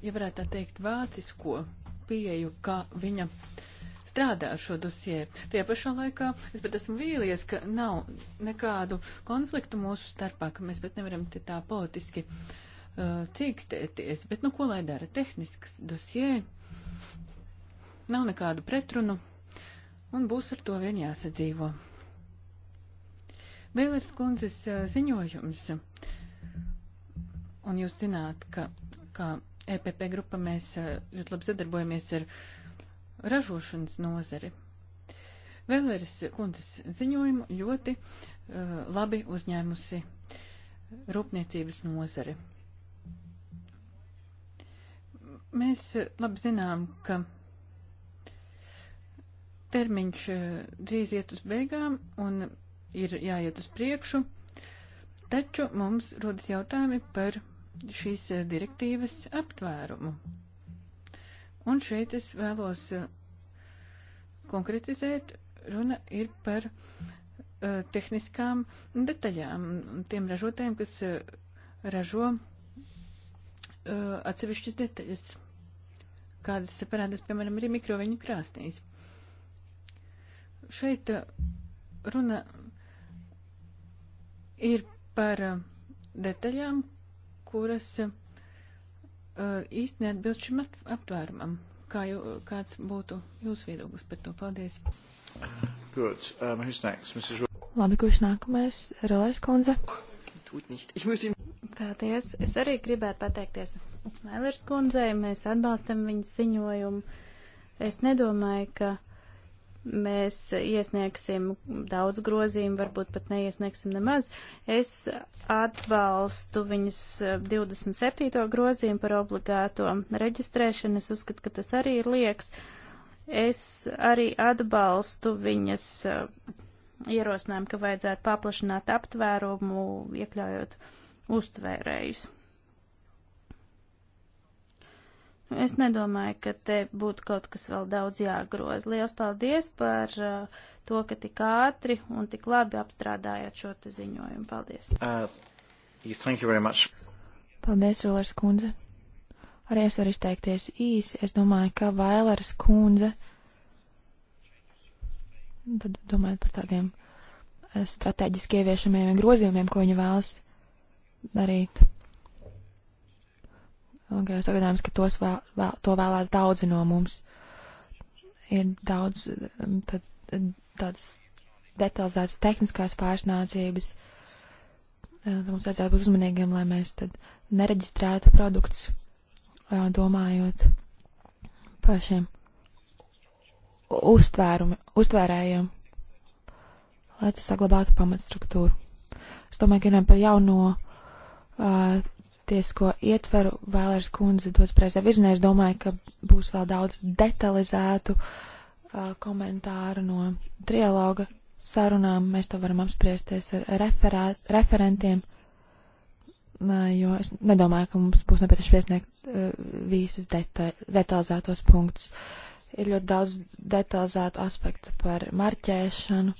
ja varētu tā teikt, vācisko pieju, kā viņa uh, strādā ar šo dosie. Tajā pašā laikā es pat esmu vīlies, ka nav nekādu konfliktu mūsu starpā, ka mēs pat nevaram te tā politiski uh, cīkstēties. Bet nu ko lai dara? Tehnisks dosie. Nav nekādu pretrunu. Un būs ar to vien jāsadzīvo. Bēlers kundzes uh, ziņojums. Un jūs zināt, ka kā EPP grupa mēs uh, ļoti labi sadarbojamies ar uh, ražošanas nozari. Vēlēris kundzes ziņojumu ļoti uh, labi uzņēmusi rūpniecības nozari. Mēs uh, labi zinām, ka termiņš uh, drīz iet uz beigām un ir jāiet uz priekšu, taču mums rodas jautājumi par šīs uh, direktīvas aptvērumu. Un šeit es vēlos uh, konkretizēt, runa ir par uh, tehniskām detaļām, tiem ražotājiem, kas uh, ražo uh, atsevišķas detaļas, kādas parādās, piemēram, arī mikroviņu krāsnīs. Šeit uh, runa ir par uh, detaļām, kuras uh, Uh, īsti neatbilst šim aptvērumam. Kā jau, kāds būtu jūsu viedoklis par to? Paldies. Good. Um, who's next? Mrs. Ro Labi, kurš nākamais? Rolais kundze. Paldies. Es arī gribētu pateikties Mēlers kundzei. Mēs atbalstam viņas ziņojumu. Es nedomāju, ka mēs iesniegsim daudz grozījumu, varbūt pat neiesniegsim nemaz. Es atbalstu viņas 27. Eh, grozījumu par obligāto reģistrēšanu. Es uzskatu, ka tas arī ir lieks. Es arī atbalstu viņas eh, ierosinājumu, ka vajadzētu paplašināt aptvērumu, iekļaujot uztvērējus. Es nedomāju, ka te būtu kaut kas vēl daudz jāgroz. Lielas paldies par uh, to, ka tik ātri un tik labi apstrādājāt šo ziņojumu. Paldies! Uh, thank you very much! Paldies, Rulers kundze! Arī es varu izteikties īsi. Es domāju, ka Vailers kundze, tad domājot par tādiem uh, strateģiski ieviešamiem grozījumiem, ko viņa vēlas darīt Gājos sagadājums, ka tos vēl, vēl, to vēlās daudzi no mums. Ir daudz um, tad, tādas detalizētas tehniskās pārsnācības. Uh, mums vajadzētu būt uzmanīgiem, lai mēs tad nereģistrētu produktus, uh, domājot par šiem uztvērējiem, lai tas saglabātu pamatstruktūru. Es domāju, ka runājam par jauno uh, tiesisko ietvaru Vēlērs kundze dos prezē virzienā. Es domāju, ka būs vēl daudz detalizētu uh, komentāru no trialoga sarunām. Mēs to varam apspriesties ar referāt, referentiem, uh, jo es nedomāju, ka mums būs nepieciešams iesniegt uh, visas deta detalizētos punktus. Ir ļoti daudz detalizētu aspektu par marķēšanu,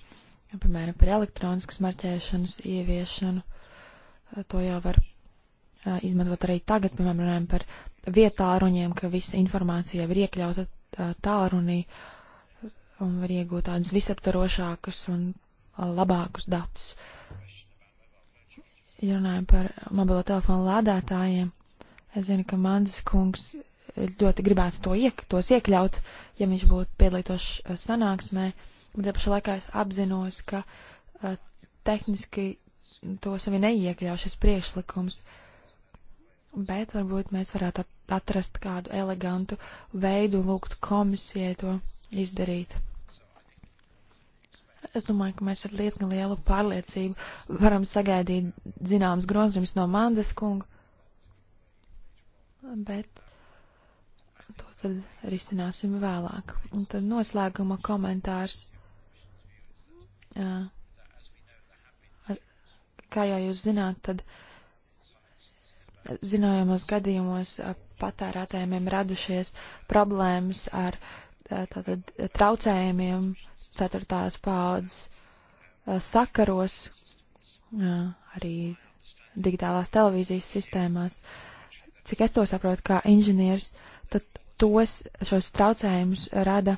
piemēram, par elektroniskas marķēšanas ieviešanu. Uh, to jau var izmantot arī tagad, piemēram, runājam par vietāruņiem, ka visa informācija jau ir iekļauta tālrunī un var iegūt tādus visaptarošākus un labākus datus. Ja runājam par mobilo telefonu lādētājiem, es zinu, ka Mandas kungs ļoti gribētu to iek, tos iekļaut, ja viņš būtu piedalītos sanāksmē, bet te pašā laikā es apzinos, ka tehniski to sevi neiekļaušas priekšlikums. Uh, bet varbūt mēs varētu atrast kādu elegantu veidu lūgt komisijai to izdarīt. Es domāju, ka mēs ar diezgan lielu pārliecību varam sagaidīt zināmas grozījums no Mandas kunga, bet to tad risināsim vēlāk. Un tad noslēguma komentārs. Kā jau jūs zināt, tad uh, zināmos gadījumos patērētājiem radušies problēmas ar tātad, traucējumiem ceturtās paaudzes sakaros, arī digitālās televīzijas sistēmās. Cik es to saprotu, kā inženieris, tad tos šos traucējumus rada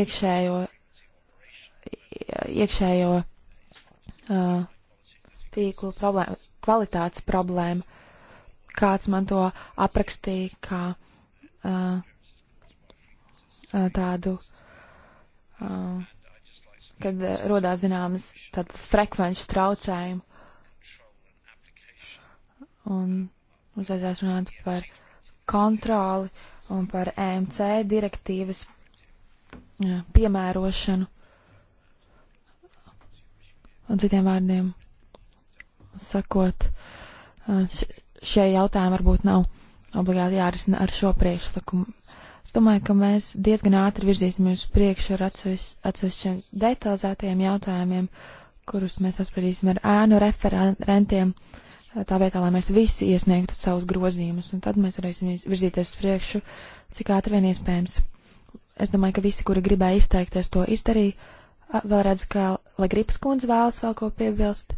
iekšējo, iekšējo tīklu problēma, kvalitātes problēma. Kāds man to aprakstīja kā uh, tādu, uh, kad rodās zināmas tādas frekvenču traucējumu. Un mums vajadzēs runāt par kontroli un par EMC direktīvas uh, piemērošanu. Un citiem vārdiem sakot, šie jautājumi varbūt nav obligāti jārisina ar šo priekšlikumu. Es domāju, ka mēs diezgan ātri virzīsimies uz priekšu ar atsevišķiem detalizētiem jautājumiem, kurus mēs apspriedīsim ar ēnu referentiem, tā vietā, lai mēs visi iesniegtu savus grozījumus, un tad mēs varēsim virzīties uz priekšu, cik ātri vien iespējams. Es domāju, ka visi, kuri gribēja izteikties, to izdarīja. Vēl redzu, ka Legripas kundze vēlas vēl ko piebilst.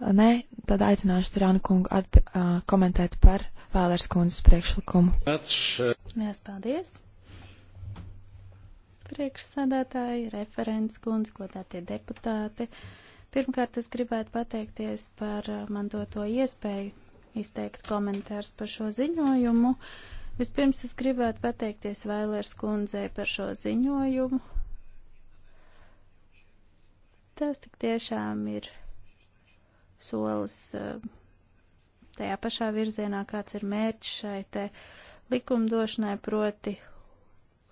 Nē, tad aicināšu Turānu kungu atb, uh, komentēt par Vēlērs kundzes priekšlikumu. Lielas paldies! Priekšsādātāji, referents kundze, godātie deputāti. Pirmkārt, es gribētu pateikties par man doto iespēju izteikt komentārus par šo ziņojumu. Vispirms es gribētu pateikties Vailers kundzei par šo ziņojumu. Tas tik tiešām ir solis eh, tajā pašā virzienā, kāds ir mērķis šai te likumdošanai, proti,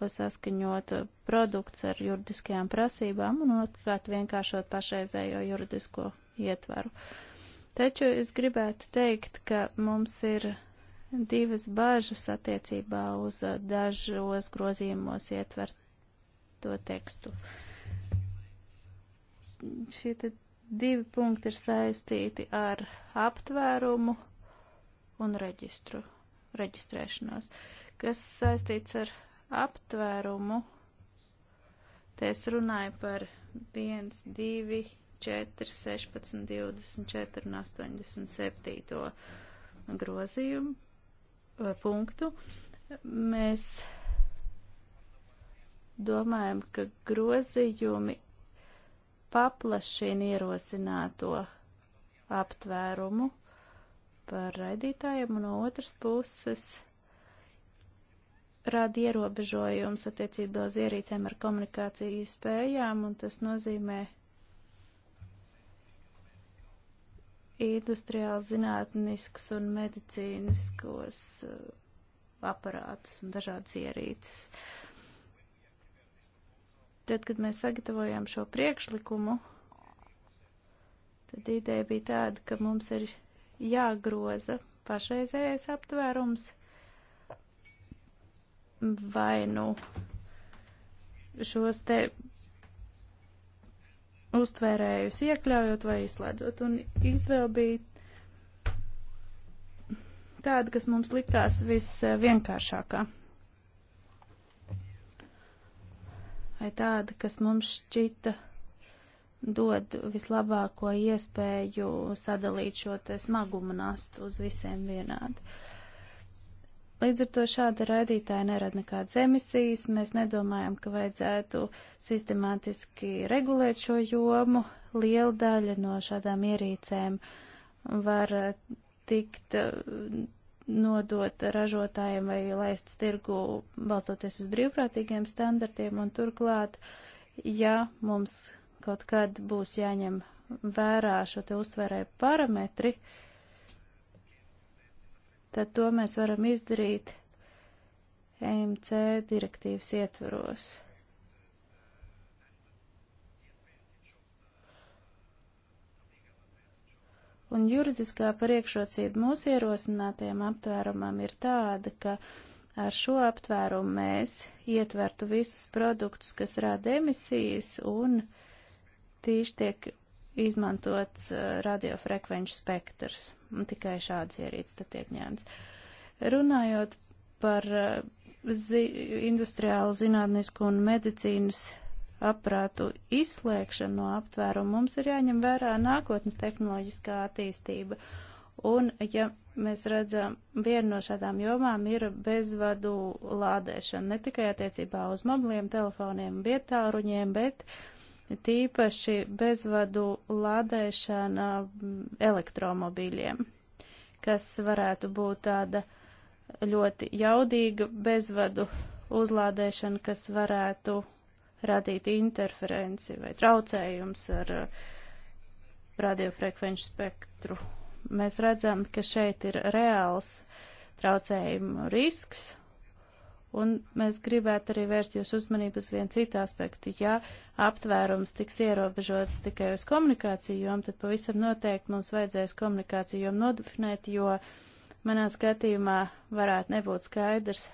lai saskaņotu produkts ar juridiskajām prasībām un otrkārt vienkāršot pašreizējo juridisko ietvaru. Taču es gribētu teikt, ka mums ir divas bažas attiecībā uz dažos grozījumos ietverto tekstu. Šī tad Divi punkti ir saistīti ar aptvērumu un reģistru, reģistrēšanos. Kas saistīts ar aptvērumu, te es runāju par 1, 2, 4, 16, 24 un 87 grozījumu vai eh, punktu. Mēs domājam, ka grozījumi paplašina ierosināto aptvērumu par raidītājiem, un no otras puses rada ierobežojums attiecībā uz ierīcēm ar komunikāciju spējām, un tas nozīmē industriāli zinātniskus un medicīniskos uh, aparātus un dažādas ierīces. Uh, Tad, kad mēs sagatavojām šo priekšlikumu, tad ideja bija tāda, ka mums ir jāgroza pašreizējais aptvērums vai nu šos te uztvērējus iekļaujot vai izslēdzot. Un izvēle bija tāda, kas mums likās visvienkāršākā. vai tāda, kas mums šķita dod vislabāko iespēju sadalīt šo te smagumu nastu uz visiem vienādi. Līdz ar to šāda raidītāja nerada nekādas emisijas, mēs nedomājam, ka vajadzētu sistemātiski regulēt šo jomu. Liela daļa no šādām ierīcēm var tikt nodot ražotājiem vai laistas tirgu balstoties uz brīvprātīgiem standartiem, un turklāt, ja mums kaut kad būs jāņem vērā šo te uztvērēju parametri, tad to mēs varam izdarīt EMC direktīvas ietvaros. un juridiskā priekšrocība mūsu ierosinātajam aptvērumam ir tāda, ka ar šo aptvērumu mēs ietvertu visus produktus, kas rada emisijas, un tīši tiek izmantots uh, radiofrekvenču spektrs, un tikai šāds ierīts tad tiek ņēmts. Runājot par uh, zi industriālu zinātnisku un medicīnas aprātu izslēgšanu no aptvērumu, mums ir jāņem vērā nākotnes tehnoloģiskā attīstība. Un, ja mēs redzam, viena no šādām jomām ir bezvadu lādēšana, ne tikai attiecībā uz mobiliem telefoniem, vietāruņiem, bet tīpaši bezvadu lādēšana elektromobīļiem, kas varētu būt tāda ļoti jaudīga bezvadu uzlādēšana, kas varētu radīt interferenci vai traucējums ar eh, radiofrekvenču spektru. Mēs redzam, ka šeit ir reāls traucējumu risks, un mēs gribētu arī vērst jūs uzmanību uz vienu citu aspektu. Ja aptvērums tiks ierobežots tikai uz komunikāciju jom, tad pavisam noteikti mums vajadzēs komunikāciju jom nodefinēt, jo manā skatījumā varētu nebūt skaidrs,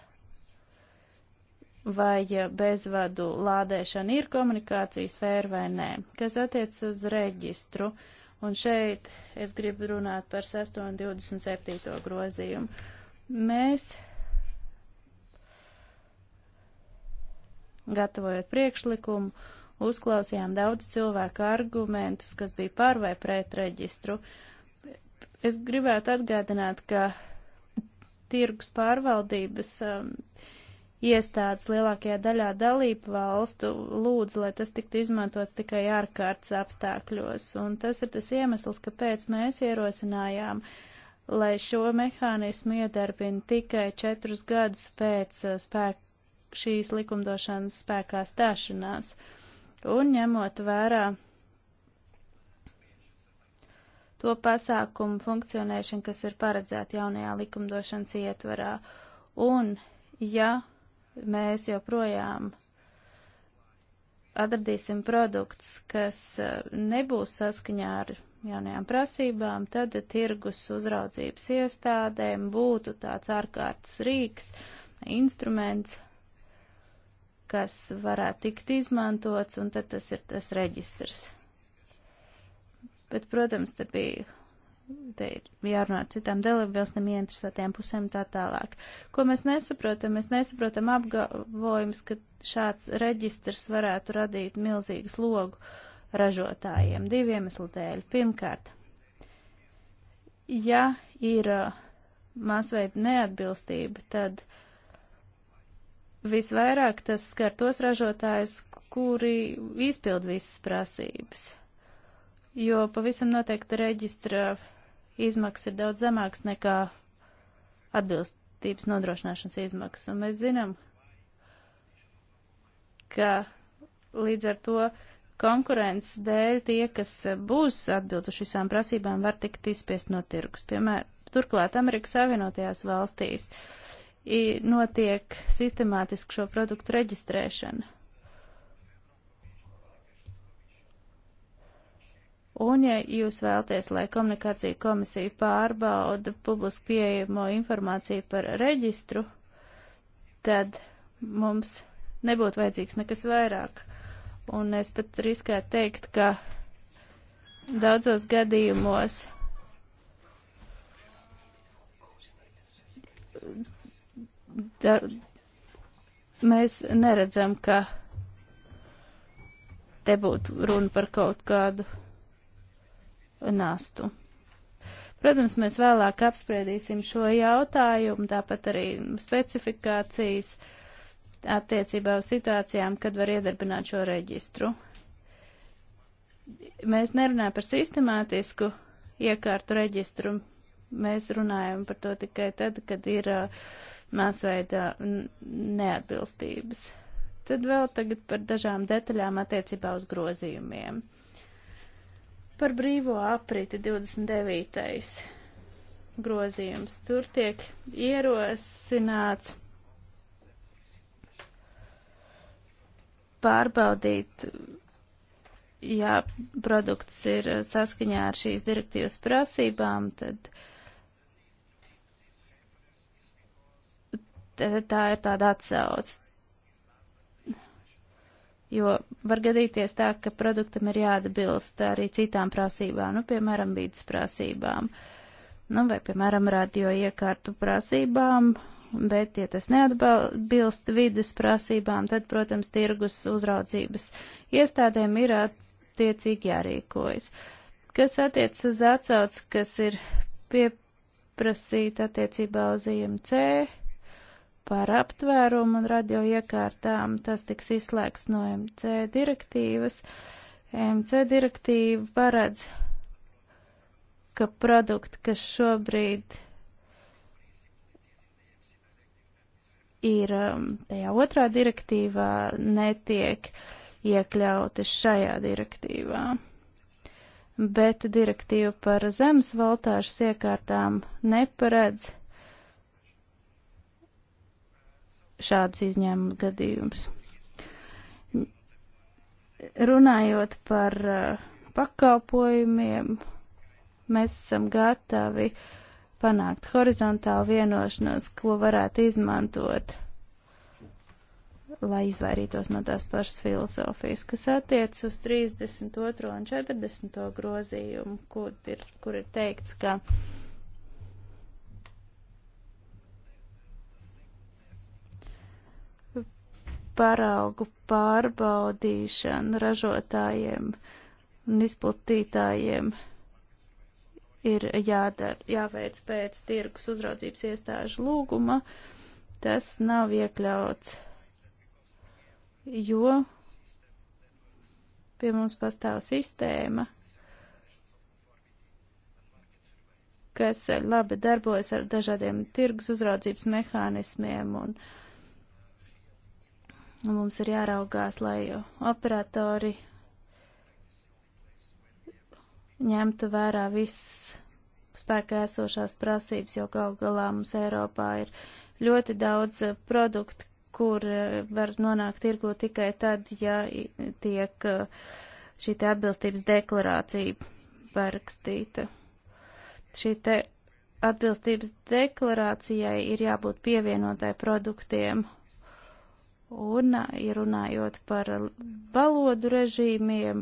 vai bezvadu lādēšana ir komunikācijas sfēra vai nē. Kas attiec uz reģistru, un šeit es gribu runāt par 6. un 27. grozījumu. Mēs, gatavojot priekšlikumu, uzklausījām daudz cilvēku argumentus, kas bija par vai pret reģistru. Es gribētu atgādināt, ka tirgus pārvaldības um, uh, iestādes lielākajā daļā dalību valstu lūdz, lai tas tiktu izmantots tikai ārkārtas apstākļos. Un tas ir tas iemesls, kāpēc mēs ierosinājām, lai šo mehānismu iedarbina tikai četrus gadus pēc uh, spēk, šīs likumdošanas spēkā stāšanās. Un ņemot vērā to pasākumu funkcionēšanu, kas ir paredzēta jaunajā likumdošanas ietvarā. Un, ja mēs joprojām atradīsim produkts, kas eh, nebūs saskaņā ar jaunajām prasībām, tad tirgus uzraudzības iestādēm būtu tāds ārkārtas rīks, instruments, kas varētu tikt izmantots, un tad tas ir tas reģistrs. Bet, protams, te bija te ir jārunā ar citām dalībvalstīm, ieinteresētām pusēm tā tālāk. Ko mēs nesaprotam? Mēs nesaprotam apgalvojums, ka šāds reģistrs varētu radīt milzīgu slogu ražotājiem diviem iemeslu dēļ. Pirmkārt, ja ir uh, masveida neatbilstība, tad visvairāk tas skar tos ražotājus, kuri izpild visas prasības. Jo pavisam noteikti reģistra izmaksas ir daudz zemākas nekā atbilstības nodrošināšanas izmaksas. Un mēs zinām, ka līdz ar to konkurences dēļ tie, kas būs atbilduši visām prasībām, var tikt izspiest no tirgus. Piemēram, turklāt Amerikas Savienotajās valstīs notiek sistemātiski šo produktu reģistrēšana. Un, ja jūs vēlties, lai komunikācija komisija pārbauda publiski pieejamo informāciju par reģistru, tad mums nebūtu vajadzīgs nekas vairāk. Un es pat riskētu teikt, ka daudzos gadījumos da, mēs neredzam, ka te būtu runa par kaut kādu nastu. Protams, mēs vēlāk apspriedīsim šo jautājumu, tāpat arī specifikācijas attiecībā uz situācijām, kad var iedarbināt šo reģistru. Mēs nerunājam par sistemātisku iekārtu reģistru, mēs runājam par to tikai tad, kad ir uh, masveida neatbilstības. Tad vēl tagad par dažām detaļām attiecībā uz grozījumiem. Par brīvo apriti 29. grozījums. Tur tiek ierosināts pārbaudīt, ja produkts ir saskaņā ar šīs direktīvas prasībām, tad tā ir tāda atsauce jo var gadīties tā, ka produktam ir jāatbilst arī citām prasībām, nu, piemēram, vidas prasībām, nu, vai, piemēram, radio iekārtu prasībām, bet, ja tas neatbilst vidas prasībām, tad, protams, tirgus uzraudzības iestādēm ir attiecīgi jārīkojas. Kas attiec uz atsauc, kas ir pieprasīta attiecībā uz IMC, par aptvērumu un radio iekārtām. Tas tiks izslēgts no MC direktīvas. MC direktīva paredz, ka produkti, kas šobrīd ir um, tajā otrā direktīvā, netiek iekļauti šajā direktīvā. Bet direktīva par zemes voltāžas iekārtām neparedz šādus izņēmumu gadījumus. Runājot par uh, pakalpojumiem, mēs esam gatavi panākt horizontālu vienošanos, ko varētu izmantot, lai izvairītos no tās pašas filozofijas, kas attiec uz 32. un 40. grozījumu, kur ir, kur ir teikts, ka uh, paraugu pārbaudīšana ražotājiem un izplatītājiem ir jādara, jāveic pēc tirgus uzraudzības iestāžu lūguma, tas nav iekļauts, jo pie mums pastāv sistēma, kas labi darbojas ar dažādiem tirgus uzraudzības mehānismiem un uh, Un mums ir jāraugās, lai operatori ņemtu vērā visas spēkā esošās prasības, jo gal galā mums Eiropā ir ļoti daudz produktu, kur eh, var nonākt tirgu tikai tad, ja tiek eh, šī te atbilstības deklarācija parakstīta. Šī te atbilstības deklarācijai ir jābūt pievienotai produktiem Un, ja runājot par valodu režīmiem,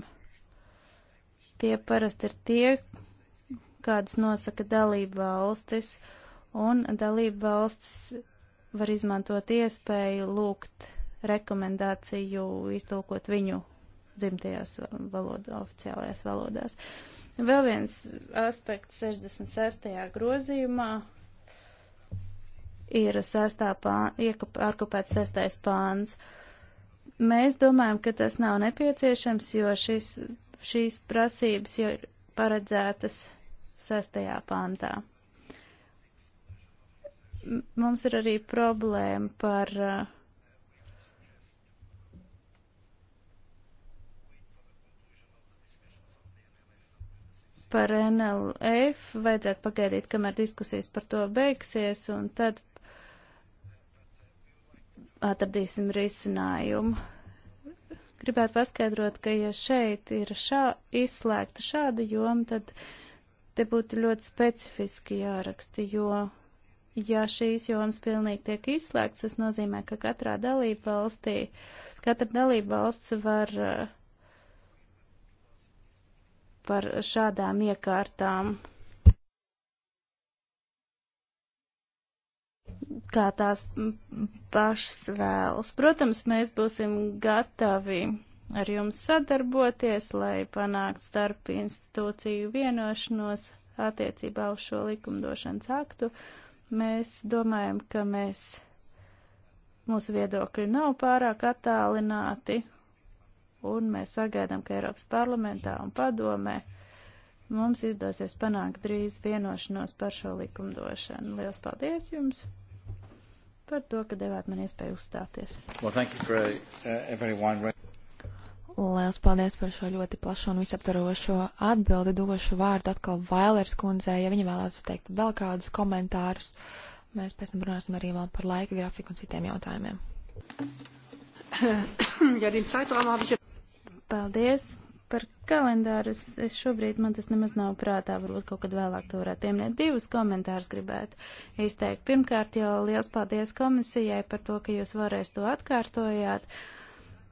tie parasti ir tie, kādus nosaka dalība valstis, un dalība valstis var izmantot iespēju lūgt rekomendāciju iztulkot viņu dzimtajās valodu, oficiālajās valodās. Vēl viens aspekts 66. grozījumā ir sestā pāns, iekopēts sestais pāns. Mēs domājam, ka tas nav nepieciešams, jo šis, šīs prasības jau ir paredzētas sestajā pāntā. Mums ir arī problēma par uh, par NLF vajadzētu pagaidīt, kamēr diskusijas par to beigsies, un tad atradīsim risinājumu. Gribētu paskaidrot, ka ja šeit ir šā, izslēgta šāda joma, tad te būtu ļoti specifiski jāraksta, jo ja šīs jomas pilnīgi tiek izslēgts, tas nozīmē, ka katrā dalība valstī, katra dalība valsts var par šādām iekārtām kā tās pašas vēlas. Protams, mēs būsim gatavi ar jums sadarboties, lai panāktu starp institūciju vienošanos attiecībā uz šo likumdošanas aktu. Mēs domājam, ka mēs, mūsu viedokļi nav pārāk attālināti, un mēs sagaidām, ka Eiropas parlamentā un padomē mums izdosies panākt drīz vienošanos par šo likumdošanu. Lielas paldies jums! par to, ka devāt man iespēju uzstāties. Well, for, uh, Lielas paldies par šo ļoti plašu un visaptarošo atbildi. Došu vārdu atkal Vailers kundzei, ja viņa vēlētos teikt vēl kādus komentārus. Mēs pēc tam runāsim arī vēl par laika grafiku un citiem jautājumiem. ja, Paldies! Par kalendāru es, es šobrīd man tas nemaz nav prātā, varbūt kaut kad vēlāk to varētu pieminēt. Divus komentārus gribētu izteikt. Pirmkārt, jau liels paldies komisijai par to, ka jūs vēlreiz to atkārtojāt.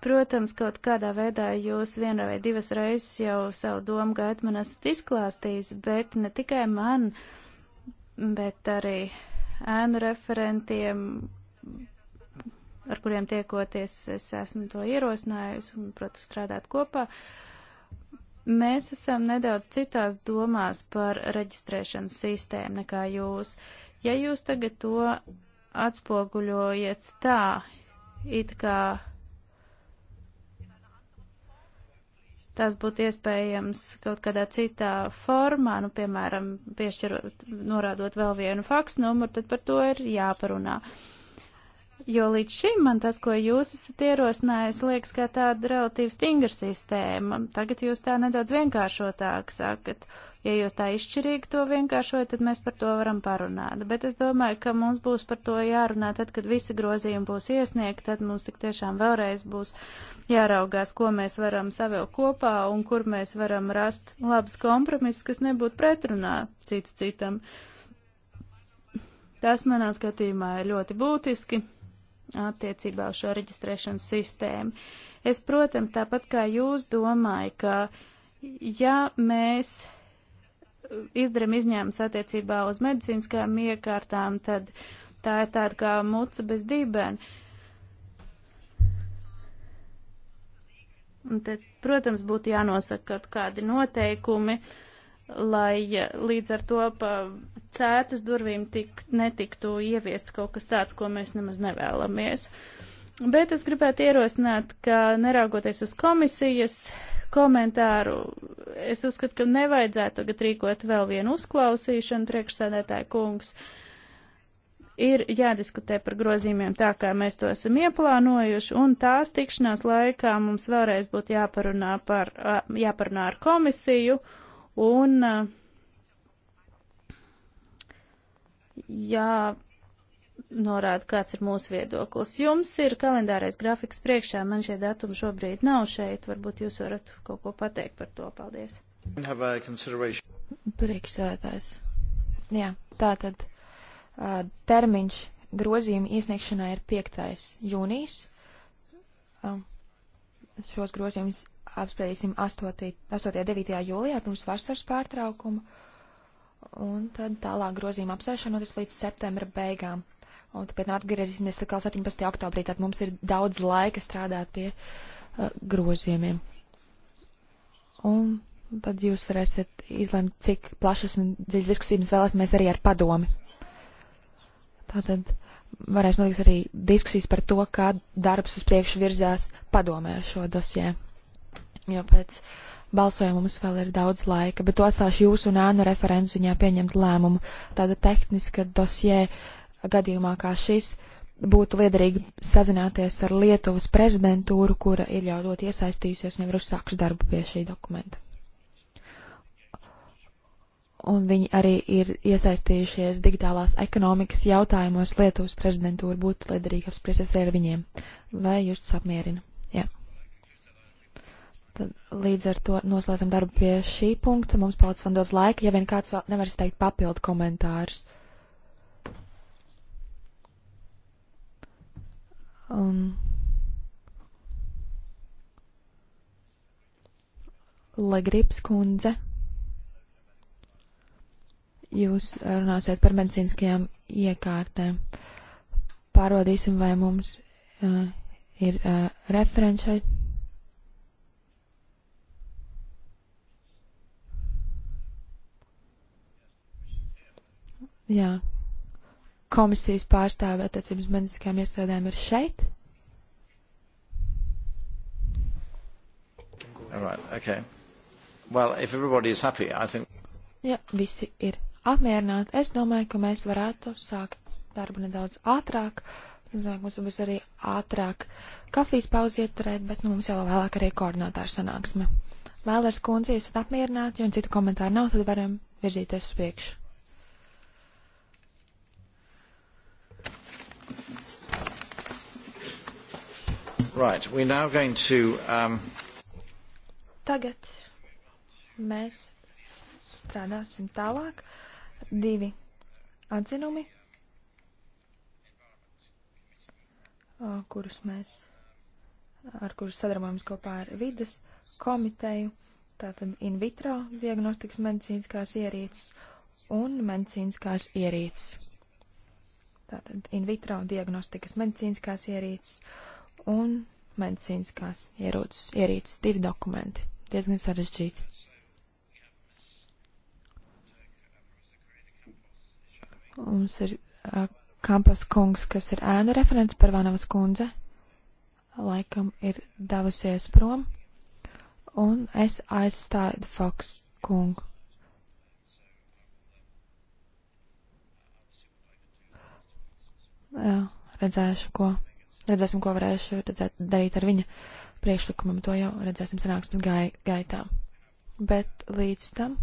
Protams, kaut kādā veidā jūs vienu vai divas reizes jau savu domu gaitu man esat izklāstījis, bet ne tikai man, bet arī ēnu referentiem, ar kuriem tiekoties, es esmu to ierosinājusi un, protams, strādāt kopā. Uh, Mēs esam nedaudz citās domās par reģistrēšanas sistēmu nekā jūs. Ja jūs tagad to atspoguļojat tā, it kā tas būtu iespējams kaut kādā citā formā, nu, piemēram, piešķirot, norādot vēl vienu faks numuru, tad par to ir jāparunā. Uh, Jo līdz šim man tas, ko jūs esat ierosinājis, liekas kā tāda relatīvi stingra sistēma. Tagad jūs tā nedaudz vienkāršotāk sakat. Ja jūs tā izšķirīgi to vienkāršojat, tad mēs par to varam parunāt. Bet es domāju, ka mums būs par to jārunā tad, kad visi grozījumi būs iesniegti, tad mums tik tiešām vēlreiz būs jāraugās, ko mēs varam savilkt kopā un kur mēs varam rast labs kompromiss, kas nebūtu pretrunā cits citam. Tas manā skatījumā ir ļoti būtiski attiecībā uz šo reģistrēšanas sistēmu. Es, protams, tāpat kā jūs domāju, ka ja mēs izdarām izņēmumus attiecībā uz medicīniskām iekārtām, tad tā ir tāda kā muca bez dībēna. Un tad, protams, būtu jānosaka kaut kādi noteikumi, uh, lai līdz ar to pa cētas durvīm tik, netiktu ieviests kaut kas tāds, ko mēs nemaz nevēlamies. Bet es gribētu ierosināt, ka neraugoties uz komisijas komentāru, es uzskatu, ka nevajadzētu tagad rīkot vēl vienu uzklausīšanu, priekšsēdētāja kungs. Ir jādiskutē par grozījumiem tā, kā mēs to esam ieplānojuši, un tās tikšanās laikā mums vēlreiz būtu jāparunā, par, jāparunā ar komisiju, uh, un jā, norāda, kāds ir mūsu viedoklis. Jums ir kalendārais grafiks priekšā, man šie datumi šobrīd nav šeit, varbūt jūs varat kaut ko pateikt par to. Paldies. Priekšsēdētājs. Jā, tā tad uh, termiņš grozījuma iesniegšanā ir 5. jūnijas. Uh, šos grozījumus apspriedīsim 8. 8. 9. jūlijā pirms vasaras pārtraukuma, un tad tālāk grozījuma apsēršana notiks līdz septembra beigām. Un tāpēc atgriezīsimies atkal 17. oktobrī, tad mums ir daudz laika strādāt pie uh, grozījumiem. Un tad jūs varēsiet izlemt, cik plašas un dziļas diskusijas vēlēsimies arī ar padomi. Tātad varēs notikt arī diskusijas par to, kā darbs uz priekšu virzās padomē ar šo dosjē jo pēc balsojuma mums vēl ir daudz laika, bet to atstāšu jūsu un ēnu referents ziņā pieņemt lēmumu. Tāda tehniska dosjē gadījumā kā šis būtu liederīgi sazināties ar Lietuvas prezidentūru, kura ir jau ļoti iesaistījusies un jau ir uzsākusi darbu pie šī dokumenta. Un viņi arī ir iesaistījušies digitālās ekonomikas jautājumos. Lietuvas prezidentūra būtu liederīgi apspriesties ar viņiem. Vai jūs tas apmierina? Tad līdz ar to noslēdzam darbu pie šī punkta. Mums palicis vēl daudz laika, ja vien kāds vēl nevar izteikt papildu komentārus. Um, Legrips kundze, jūs runāsiet par medicīniskajām iekārtēm. Pārbaudīsim, vai mums uh, ir uh, referenčai. Jā. Komisijas pārstāve attiecības medicīniskajām iestādēm ir šeit. All right, okay. Well, if everybody is happy, I think. Ja visi ir apmierināti, es domāju, ka mēs varētu sākt darbu nedaudz ātrāk. Zinu, mums būs arī ātrāk kafijas pauzi ieturēt, bet nu, mums jau vēlāk arī koordinātāra sanāksme. Vēlērs kundze, jūs esat apmierināti, un citu komentāru nav, tad varam virzīties uz priekšu. Right, we're now going to... Um... Tagad mēs strādāsim tālāk. Divi atzinumi, kurus mēs, ar kurus sadarbojamies kopā ar vides komiteju, tātad in vitro diagnostikas medicīniskās ierīces un medicīniskās ierīces. Tātad in vitro diagnostikas medicīniskās ierīces un medicīniskās ierūces, ierīces, divi dokumenti. Diezgan sarežģīti. Mums ir uh, Kampas kungs, kas ir ēnu referents par Vanavas kundze. Laikam ir devusies prom. Un es aizstāju Fox kungu. Jā, redzēšu, ko Redzēsim, ko varēšu eh, redzēt, darīt ar viņa priekšlikumam. To jau redzēsim sanāksmes gai, gaitā. Bet līdz tam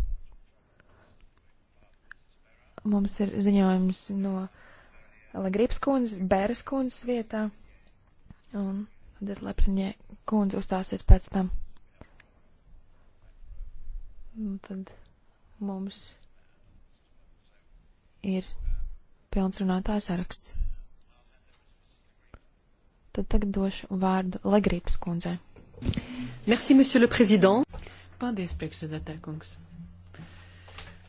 mums ir ziņojums no Lagrības kundzes, Bēras kundzes vietā. Un tad Lepriņē kundze uzstāsies pēc tam. Un tad mums ir pilns runātājs saraksts. Tad tagad došu vārdu Legrības kundzei. Merci, monsieur le président. Paldies, priekšsēdētāj kungs.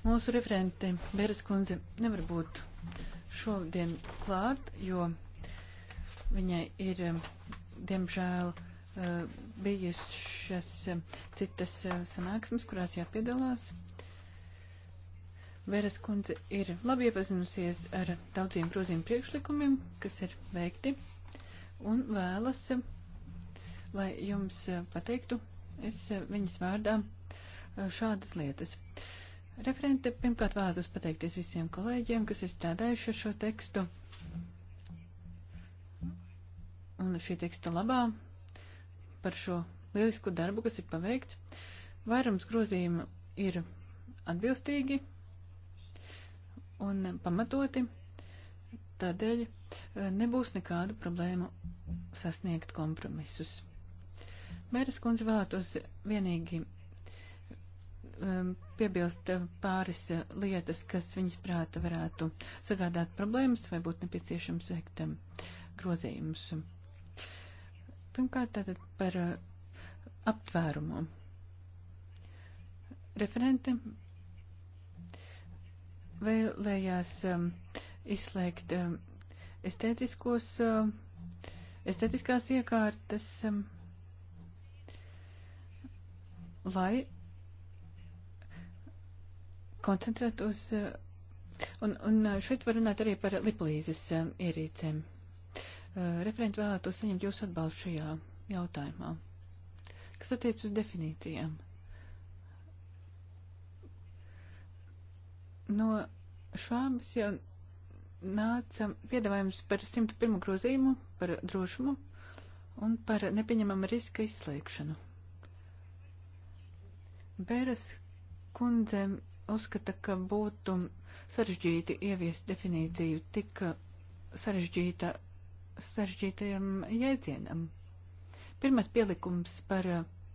Mūsu referente Beres kundze nevar būt šodien klāt, jo viņai ir, um, diemžēl, uh, bijušas um, citas uh, sanāksmes, kurās jāpiedalās. Vēras kundze ir labi iepazinusies ar daudziem grozījumu priekšlikumiem, kas ir veikti un vēlas, lai jums eh, pateiktu es eh, viņas vārdā eh, šādas lietas. Referente pirmkārt vēlētos pateikties visiem kolēģiem, kas ir strādājuši ar šo tekstu. Un šī teksta labā par šo lielisko darbu, kas ir paveikts. Vairums grozījumu ir atbilstīgi un pamatoti. Tādēļ e, nebūs nekādu problēmu sasniegt kompromisus. Mēras kundze vēlētos vienīgi e, piebilst pāris lietas, kas viņas prāta varētu sagādāt problēmas vai būt nepieciešams veikt e, grozījumus. Pirmkārt, tātad par aptvērumu. Referente vēlējās izslēgt um, estētiskos, um, estētiskās iekārtas, um, lai koncentrētos, uh, un, un uh, šeit var runāt arī par liplīzes ierīcēm. Uh, referenti vēlētos saņemt jūsu atbalstu šajā jautājumā, kas attiec uz definīcijām. No šāmas jau nāca piedāvājums par 101. grozījumu, par drošumu un par nepieņemamu riska izslēgšanu. Bēras kundze uzskata, ka būtu sarežģīti ieviest definīciju tik sarežģīta, sarežģītajam jēdzienam. Pirmais pielikums par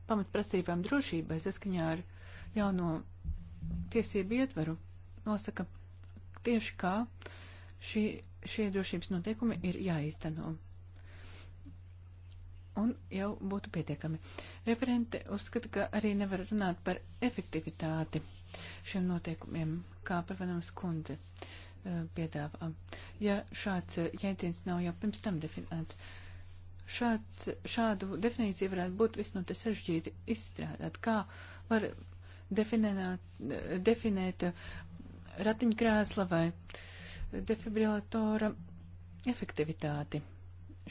pamatprasībām drošībai saskaņā ar jauno tiesību ietvaru nosaka tieši kā uh, Šie, šie drošības noteikumi ir jāizteno. Un jau būtu pietiekami. Referente uzskata, ka arī nevar runāt par efektivitāti šiem noteikumiem, kā par Vanams kundze e, piedāvā. Ja šāds e, jēdziens nav jau pirms tam definēts, šāds, e, šādu definīciju varētu būt visnotaļ sarežģīti izstrādāt. Kā var definēt, definēt ratiņkrēsla vai uh, defibrilatora efektivitāti.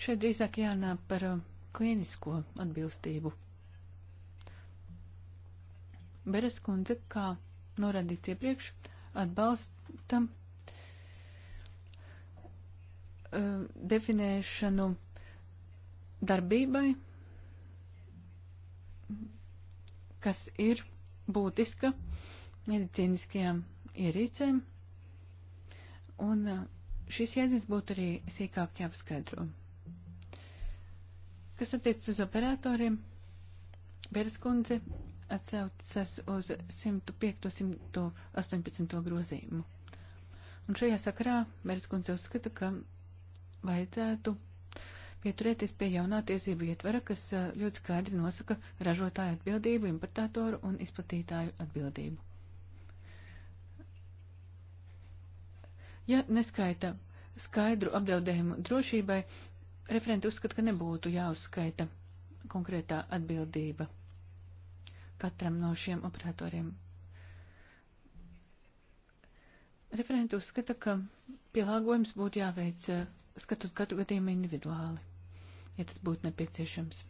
Šeit drīzāk jārunā par uh, klīnisko atbilstību. Beres kundze, kā norādīts iepriekš, atbalsta uh, definēšanu darbībai, kas ir būtiska medicīniskajām ierīcēm Un uh, šis jēdziens būtu arī sīkāk jāapskaidro. Kas attiecas uz operatoriem, Bereskundze atcaucas uz 105. 118. grozījumu. Un šajā sakarā Bereskundze uzskata, ka vajadzētu pieturēties pie jaunā tiesību ietvara, kas uh, ļoti skaidri nosaka ražotāju atbildību, importātoru un izplatītāju atbildību. Ja neskaita skaidru apdraudējumu drošībai, referenti uzskata, ka nebūtu jāuzskaita konkrētā atbildība katram no šiem operatoriem. Referenti uzskata, ka pielāgojums būtu jāveic eh, skatot katru gadījumu individuāli, ja tas būtu nepieciešams.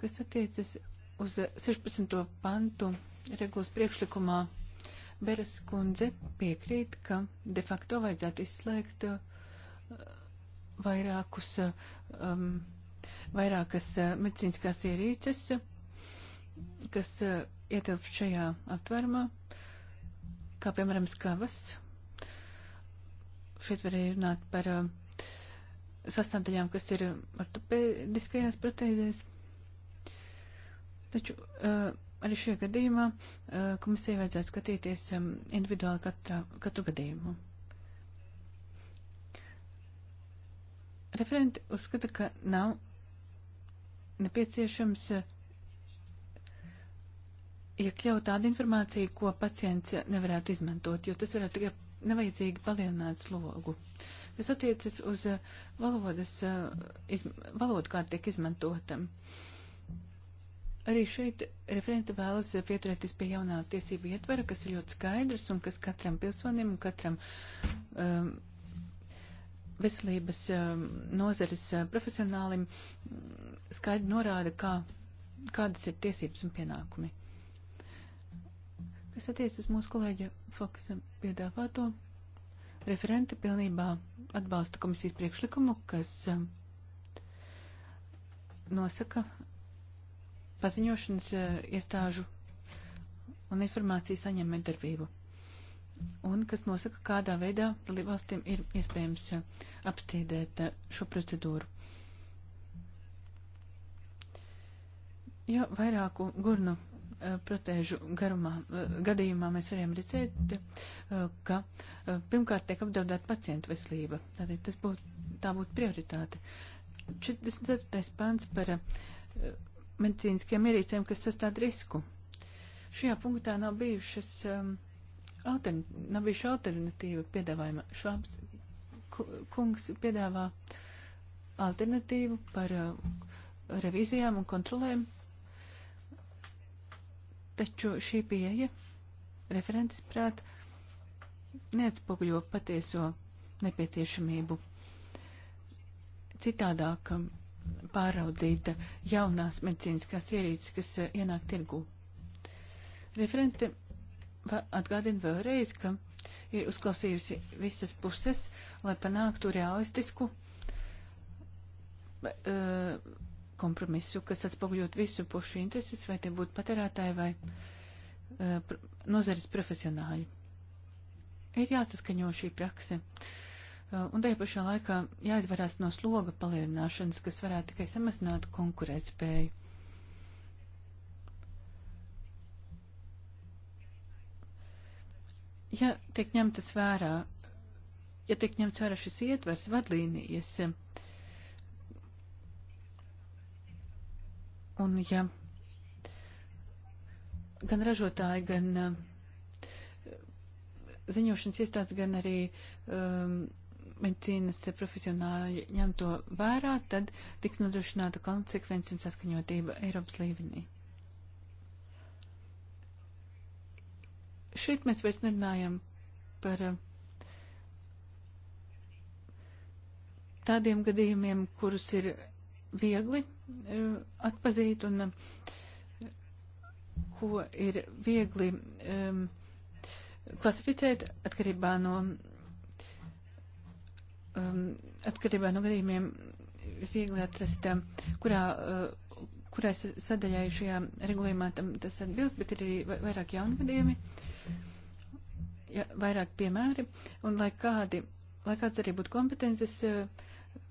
Kas attiecas uz 16. pantu regulas priekšlikumā, Beres kundze piekrīt, ka de facto vajadzētu izslēgt uh, vairākus, uh, um, vairākas uh, medicīniskās ierīces, kas ietilpst šajā aptvērumā, kā piemēram skavas. Šeit var arī runāt par uh, sastāvdaļām, kas ir ortopēdiskajās protēzēs. Taču uh, arī šajā gadījumā eh, komisijai vajadzētu skatīties individuāli katrā, katru gadījumu. Referenti uzskata, ka nav nepieciešams eh, iekļaut ja tādu informāciju, ko pacients nevarētu izmantot, jo tas varētu tikai nevajadzīgi palielināt slogu. Tas attiecas uz eh, valodas, iz, valodu, kā tiek izmantotam. Uh, Arī šeit referenta vēlas pieturēties pie jaunā tiesību ietvara, kas ir ļoti skaidrs un kas katram pilsonim un katram um, veselības um, nozares uh, profesionālim mm, skaidri norāda, kā, kādas ir tiesības un pienākumi. Kas attiec uz mūsu kolēģa Foksa piedāvāto, referente pilnībā atbalsta komisijas priekšlikumu, kas um, nosaka paziņošanas e, iestāžu un informācijas saņem darbību. Un kas nosaka, kādā veidā dalībvalstīm ir iespējams e, apstrīdēt e, šo procedūru. Jo vairāku gurnu protēžu garumā, gadījumā mēs varam redzēt, ka pirmkārt tiek apdraudēta pacientu veselība. Tātad tas būtu, tā būtu prioritāte. 44. pāns par medicīniskiem ierīcēm, kas sastāv risku. Šajā punktā nav bijušas um, altern, nav bijuši alternatīva piedāvājuma. Švabs kungs piedāvā alternatīvu par uh, revīzijām un kontrolēm, taču šī pieeja referentis prāt neatspoguļo patieso nepieciešamību. Citādāk um, pāraudzīt jaunās medicīniskās ierīces, kas eh, ienāk tirgū. Referente atgādina vēlreiz, ka ir uzklausījusi visas puses, lai panāktu realistisku eh, kompromisu, kas atspoguļot visu pušu intereses, vai tie būtu patērētāji vai eh, nozares profesionāļi. Ir jāsaskaņo šī prakse. Uh, Uh, un tajā pašā laikā jāizvarās no sloga palielināšanas, kas varētu tikai samazināt konkurētspēju. Ja tiek ņemtas vērā, ja tiek ņemts vērā šis ietvers vadlīnijas, un ja gan ražotāji, gan uh, ziņošanas iestādes, gan arī um, medicīnas profesionāli ņem to vērā, tad tiks nodrošināta konsekvence un saskaņotība Eiropas līmenī. Šeit mēs vairs nerunājam par eh, tādiem gadījumiem, kurus ir viegli eh, atpazīt un eh, ko ir viegli um, klasificēt atkarībā no um, atkarībā no gadījumiem viegli atrast, um, kurā, uh, kurai sadaļai šajā regulējumā tam tas atbilst, bet ir arī vairāk jaunu gadījumi, ja, vairāk piemēri, un lai kādi, lai kāds arī būtu kompetences uh,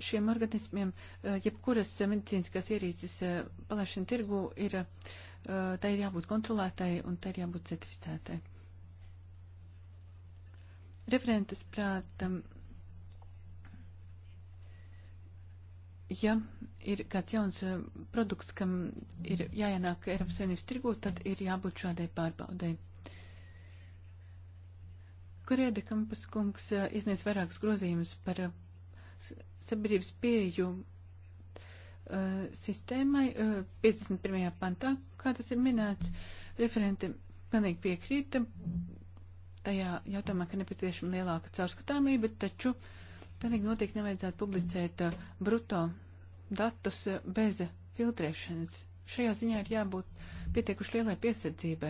šiem organismiem, uh, jebkuras medicīniskās ierīces uh, palaišana tirgu ir, uh, tai ir jābūt kontrolētai un tai ir jābūt certificētai. Referentes prātam. Um, ja ir kāds jauns eh, produkts, kam ir jāienāk Eiropas Savienības tirgū, tad ir jābūt šādai pārbaudai. Korēda Kampas kungs eh, izniedz vairākas grozījumus par eh, sabiedrības pieju uh, sistēmai uh, 51. pantā, kā tas ir minēts. Referenti pilnīgi piekrīta tajā jautājumā, ka nepieciešama lielāka caurskatāmība, taču uh, Pilnīgi noteikti nevajadzētu publicēt uh, bruto datus uh, bez filtrēšanas. Šajā ziņā ir jābūt pietiekuši lielai piesardzībai.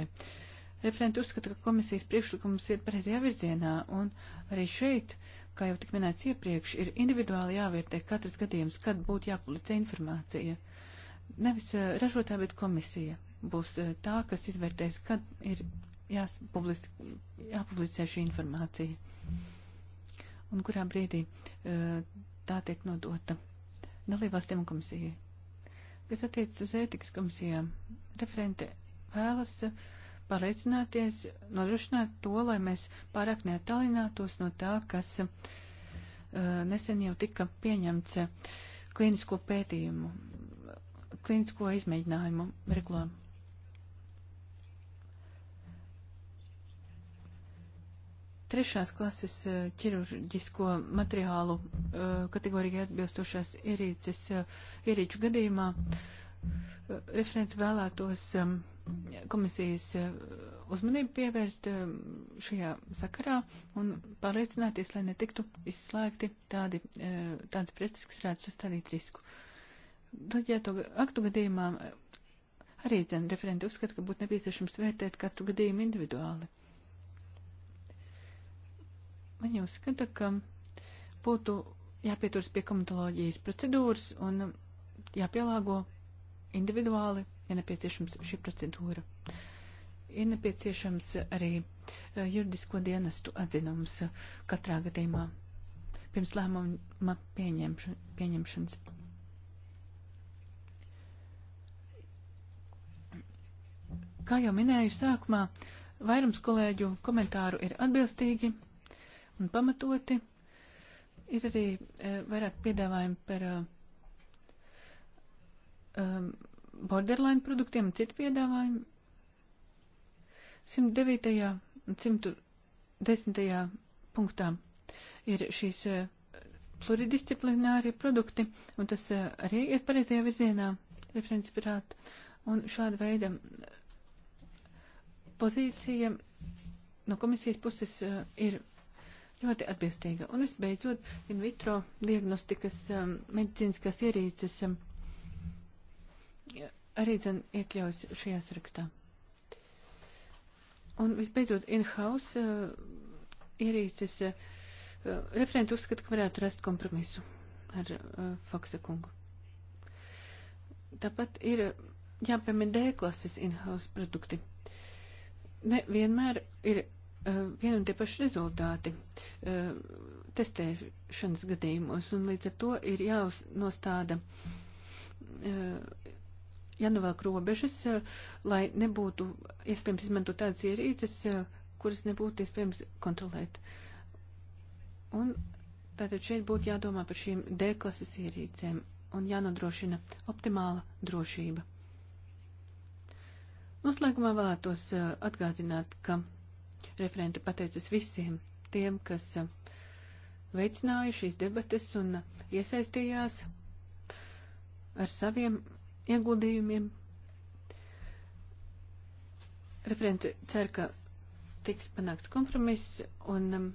Referenti uzskata, ka komisijas priekšlikums ir pareizajā virzienā, un arī šeit, kā jau tik minēts iepriekš, ir individuāli jāvērtē katrs gadījums, kad būtu jāpublicē informācija. Nevis uh, eh, ražotā, bet komisija būs tā, kas izvērtēs, kad ir jāpublicē šī informācija un kurā brīdī e, tā tiek nodota dalībvalstiem un komisijai. Kas attiecas uz ētikas komisijām, referente vēlas pārliecināties, nodrošināt to, lai mēs pārāk neatalinātos no tā, kas e, nesen jau tika pieņemts e, klīnisko pētījumu, klīnisko izmēģinājumu regulāmu. trešās klases eh, ķirurģisko materiālu eh, kategorijai atbilstošās ierīces, eh, ierīču gadījumā referents vēlētos komisijas uzmanību pievērst šajā sakarā un pārliecināties, lai netiktu izslēgti tādi, tāds preces, kas varētu sastādīt risku. Daļģēto ja aktu gadījumā arī dzēna referenti uzskata, ka būtu nepieciešams vērtēt katru gadījumu individuāli man jau skata, ka būtu jāpieturas pie komitoloģijas procedūras un jāpielāgo individuāli, ja nepieciešams, šī procedūra. Ir nepieciešams arī eh, juridisko dienestu atzinums katrā gadījumā pirms lēmuma pieņemšanas. Kā jau minēju sākumā, vairums kolēģu komentāru ir atbilstīgi un pamatoti. Ir arī e, vairāk piedāvājumi par um, borderline produktiem un citu piedāvājumu. 109. un 110. punktā ir šīs pluridisciplinārie produkti, un tas arī ir pareizajā virzienā, referents pirāta. Un šāda veida pozīcija no komisijas puses ir ļoti atbilstīga. Un es beidzot in vitro diagnostikas um, medicīniskās ierīces um, arī dzen iekļaus šajā sarakstā. Un visbeidzot, in-house uh, ierīces uh, referenti uzskata, ka varētu rast kompromisu ar uh, Faksa kungu. Tāpat ir jāpiemina D klases in-house produkti. Ne vienmēr ir Eh, vien un tie paši rezultāti eh, testēšanas gadījumos, un līdz ar to ir jāuznostāda eh, jānovelk robežas, lai nebūtu iespējams izmantot tādas ierīces, kuras nebūtu iespējams kontrolēt. Un tātad šeit būtu jādomā par šīm D klases ierīcēm un jānodrošina optimāla drošība. Noslēgumā vēlētos atgādināt, ka referenti pateicas visiem tiem, kas uh, veicināja šīs debates un uh, iesaistījās ar saviem ieguldījumiem. Referenti cer, ka tiks panākts kompromiss un um,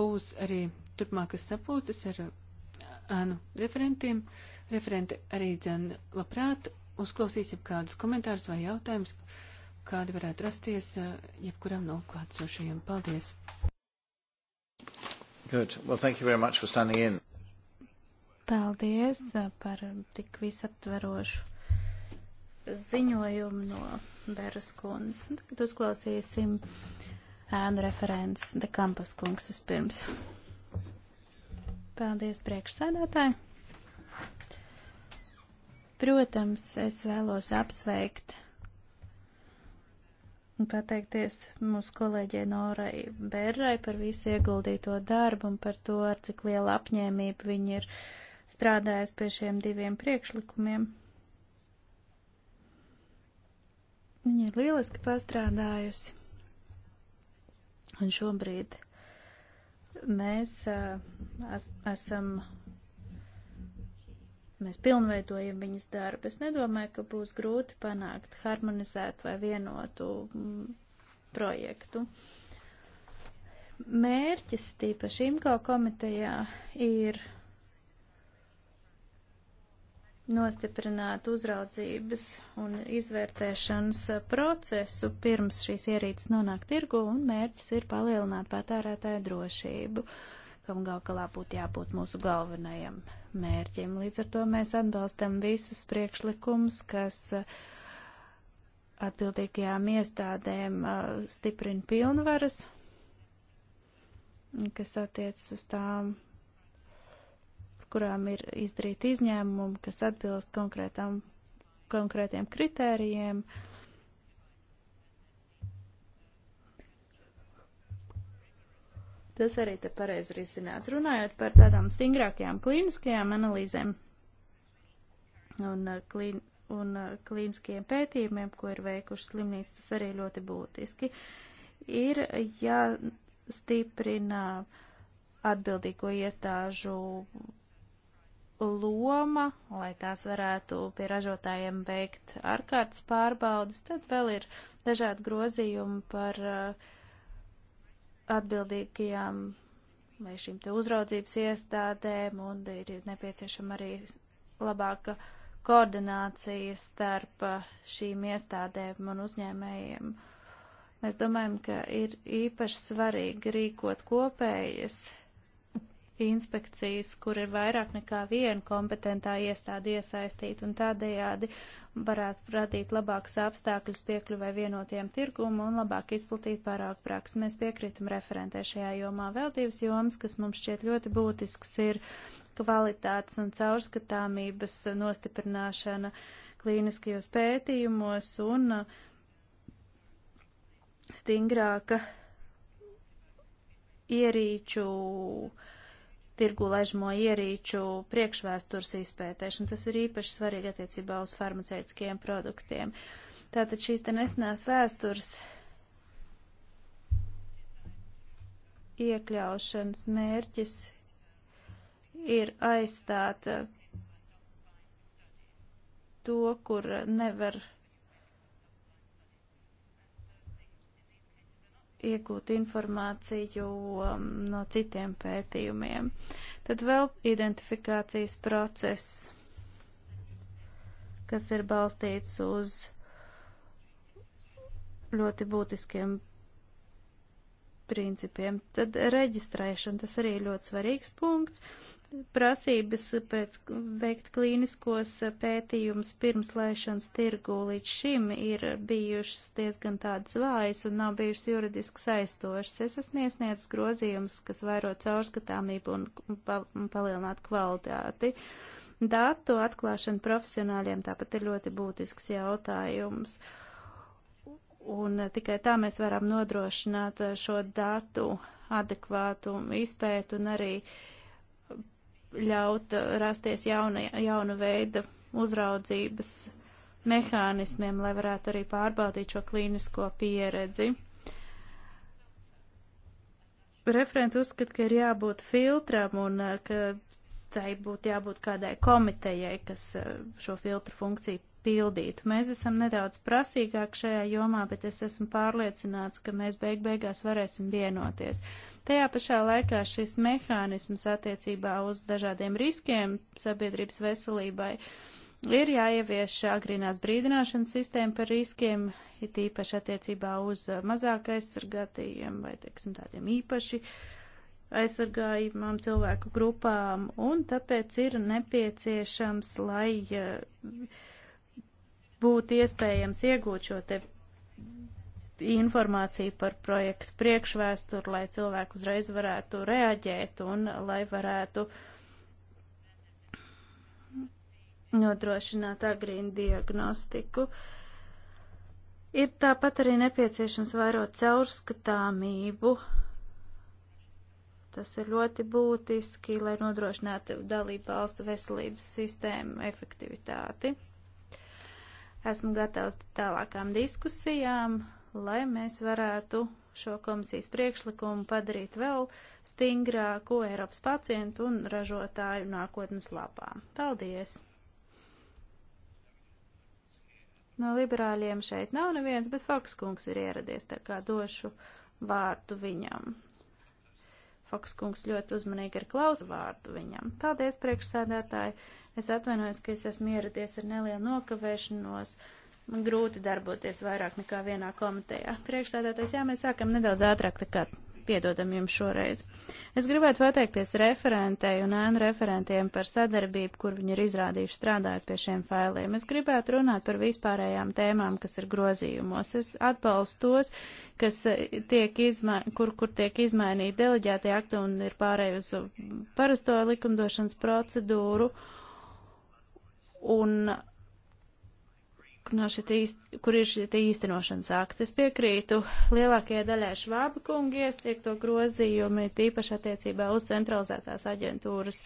būs arī turpmākas sapulces ar uh, ānu referentiem. Referenti arī dzen labprāt uzklausīs jau kādus komentārus vai jautājumus, kādi varētu rasties jebkuram no klātsošajiem. Paldies! Good. Well, thank you very much for standing in. Paldies par tik visaptverošu ziņojumu no Beras kundas. Tagad uzklausīsim ēnu referents De Kampas kungs vispirms. Paldies priekšsēdētāji. Protams, es vēlos apsveikt pateikties mūsu kolēģei Norai Berrai par visu ieguldīto darbu un par to, ar cik liela apņēmība viņa ir strādājusi pie šiem diviem priekšlikumiem. Viņa ir lieliski pastrādājusi. Un šobrīd mēs uh, es, esam mēs pilnveidojam viņas darbu. Es nedomāju, ka būs grūti panākt harmonizētu vai vienotu mm, projektu. Mērķis tīpaši IMKO komitejā ir nostiprināt uzraudzības un izvērtēšanas procesu pirms šīs ierīces nonāk tirgu, un mērķis ir palielināt patērētāju drošību. Uh, kam gal galā būtu jābūt mūsu galvenajam mērķim. Līdz ar to mēs atbalstam visus priekšlikumus, kas uh, atbildīgajām iestādēm uh, stiprina pilnvaras, kas attiecas uz tām kurām ir izdarīti izņēmumi, kas atbilst konkrētām, konkrētiem kritērijiem. Uh, Tas arī te pareizi risināts. Runājot par tādām stingrākajām klīniskajām analīzēm un, uh, klīn, un uh, klīniskajiem pētījumiem, ko ir veikuši slimnīcas, tas arī ļoti būtiski. Ir jāstiprina atbildīgo iestāžu loma, lai tās varētu pie ražotājiem veikt ārkārtas pārbaudas, tad vēl ir dažādi grozījumi par uh, atbildīgajām vai šīm te uzraudzības iestādēm, un ir nepieciešama arī labāka koordinācija starp uh, šīm iestādēm un uzņēmējiem. Mēs domājam, ka ir īpaši svarīgi rīkot kopējas inspekcijas, kur ir vairāk nekā viena kompetentā iestāde iesaistīta un tādējādi varētu radīt labākus apstākļus piekļuvai vienotiem tirgumu un labāk izplatīt pārāk praksi. Mēs piekrītam referentē šajā jomā. Vēl divas jomas, kas mums šķiet ļoti būtisks, ir kvalitātes un caurskatāmības nostiprināšana klīniskajos pētījumos un uh, stingrāka ierīču uh, tirgu ležmo ierīču priekšvēstures izpētēšana. Tas ir īpaši svarīgi attiecībā uz farmaceitiskiem produktiem. Tātad šīs te nesenās vēstures iekļaušanas mērķis ir aizstāt to, kur nevar iegūt informāciju um, no citiem pētījumiem. Tad vēl identifikācijas process, kas ir balstīts uz ļoti būtiskiem principiem. Tad reģistrēšana, tas arī ļoti svarīgs punkts prasības pēc veikt klīniskos pētījumus pirms lēšanas tirgu līdz šim ir bijušas diezgan tādas vājas un nav bijušas juridiski saistošas. Es esmu iesniedzis grozījumus, kas vairo caurskatāmību un pa palielinātu kvalitāti. Datu atklāšana profesionāļiem tāpat ir ļoti būtisks jautājums. Un tikai tā mēs varam nodrošināt šo datu adekvātu izpētu un arī uh, ļaut uh, rasties jauna, jauna veida uzraudzības mehānismiem, lai varētu arī pārbaudīt šo klīnisko pieredzi. Referenti uzskata, ka ir jābūt filtram un uh, ka tai būtu jābūt kādai komitejai, kas uh, šo filtru funkciju pildītu. Mēs esam nedaudz prasīgāk šajā jomā, bet es esmu pārliecināts, ka mēs beig beigās varēsim vienoties. Uh, Tajā pašā laikā šis mehānisms attiecībā uz dažādiem riskiem sabiedrības veselībai ir jāievieš agrīnās brīdināšanas sistēma par riskiem, it īpaši attiecībā uz mazāk aizsargātajiem vai, teiksim, tādiem īpaši aizsargājumām cilvēku grupām, un tāpēc ir nepieciešams, lai eh, būtu iespējams iegūt šo te informāciju par projektu priekšvēsturu, lai cilvēki uzreiz varētu reaģēt un lai varētu nodrošināt agrīnu diagnostiku. Ir tāpat arī nepieciešams vairot caurskatāmību. Tas ir ļoti būtiski, lai nodrošinātu dalību valstu veselības sistēmu efektivitāti. Esmu gatavs tālākām diskusijām lai mēs varētu šo komisijas priekšlikumu padarīt vēl stingrāku Eiropas pacientu un ražotāju nākotnes labā. Paldies! No liberāļiem šeit nav neviens, bet Fokskungs ir ieradies, tā kā došu vārdu viņam. Fokskungs ļoti uzmanīgi ir klausa vārdu viņam. Paldies, priekšsēdētāji! Es atvainojos, ka es esmu ieradies ar nelielu nokavēšanos. No Man grūti darboties vairāk nekā vienā komitejā. Priekšstādātais, jā, mēs sākam nedaudz ātrāk, tā kā piedodam jums šoreiz. Es gribētu pateikties referentei un ēnu referentiem par sadarbību, kur viņi ir izrādījuši strādājot pie šiem failiem. Es gribētu runāt par vispārējām tēmām, kas ir grozījumos. Es atbalstu tos, kas eh, tiek izma kur, kur tiek izmainīti deleģētie akti un ir pārēj uz parasto likumdošanas procedūru. Un īst, kur ir šie īstenošanas akti. Es piekrītu lielākajai daļai švāba kungi iestiekto grozījumi, tīpaši attiecībā uz centralizētās aģentūras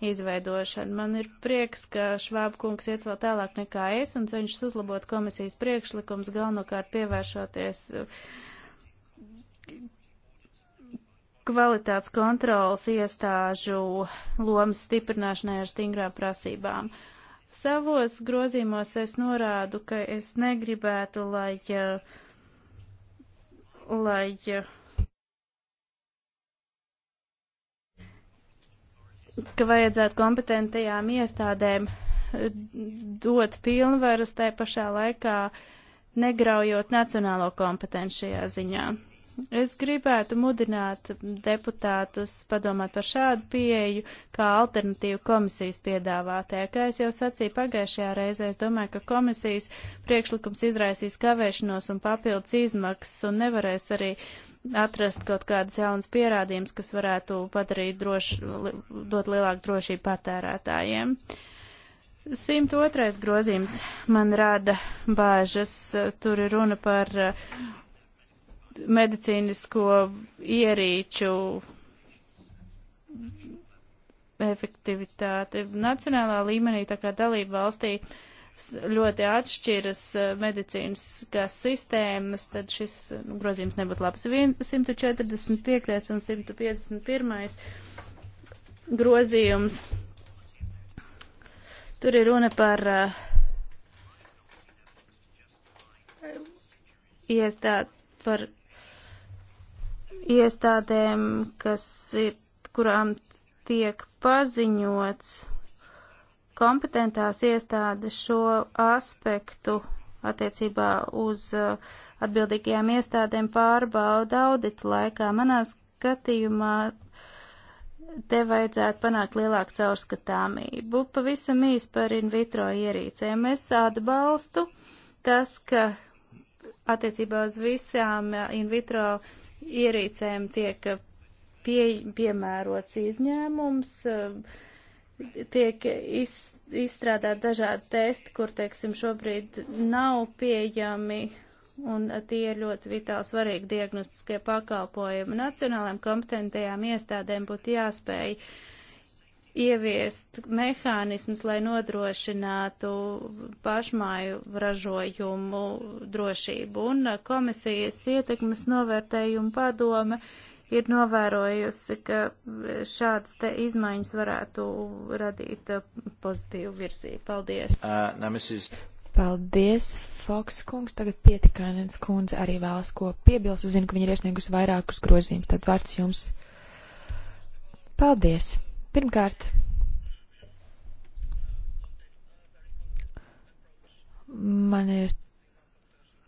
izveidošanu. Man ir prieks, ka švāba kungs iet vēl tālāk nekā es un cenšas uzlabot komisijas priekšlikums, galvenokārt pievēršoties uh, kvalitātes kontrolas iestāžu lomas stiprināšanai ar stingrām prasībām. Uh, Savos grozījumos es norādu, ka es negribētu, lai, eh, lai eh, ka vajadzētu kompetentajām iestādēm eh, dot pilnvaras tai pašā laikā, negraujot nacionālo kompetenci šajā ziņā. Es gribētu mudināt deputātus padomāt par šādu pieeju, kā alternatīvu komisijas piedāvātajā. Kā es jau sacīju pagājušajā reizē, es domāju, ka komisijas priekšlikums izraisīs kavēšanos un papildus izmaksas un nevarēs arī atrast kaut kādas jaunas pierādījumus, kas varētu padarīt droši, li, dot lielāku drošību patērētājiem. 102. grozījums man rada bāžas. Tur ir runa par uh, medicīnisko ierīču efektivitāti. Nacionālā līmenī, tā kā dalība valstī ļoti atšķiras e, medicīniskās sistēmas, tad šis nu, grozījums nebūtu labs. 145. un 151. grozījums. Tur ir runa par uh, e, iestādi par iestādēm, kas ir, kurām tiek paziņots kompetentās iestādes šo aspektu attiecībā uz uh, atbildīgajām iestādēm pārbauda auditu laikā. Manā skatījumā te vajadzētu panākt lielāku caurskatāmību. Pavisam īsi par in vitro ierīcēm. Es atbalstu tas, ka attiecībā uz visām uh, in vitro ierīcēm ierīcēm tiek pie, piemērots izņēmums, tiek iz, izstrādāt dažādi testi, kur, teiksim, šobrīd nav pieejami. Un tie ir ļoti vitāli svarīgi diagnostiskie pakalpojumi. Nacionālajām kompetentajām iestādēm būtu jāspēj uh, ieviest mehānismus, lai nodrošinātu pašmāju ražojumu drošību. Un uh, komisijas ietekmes novērtējuma padome ir novērojusi, ka šādas te izmaiņas varētu radīt uh, pozitīvu virzību. Paldies! Uh, now, Mrs. Paldies, Foks kungs. Tagad pietikainens kundze arī vēlas ko piebilst. Es zinu, ka viņa ir iesniegusi vairākus grozījumus. Tad vārds jums. Paldies! Pirmkārt, man ir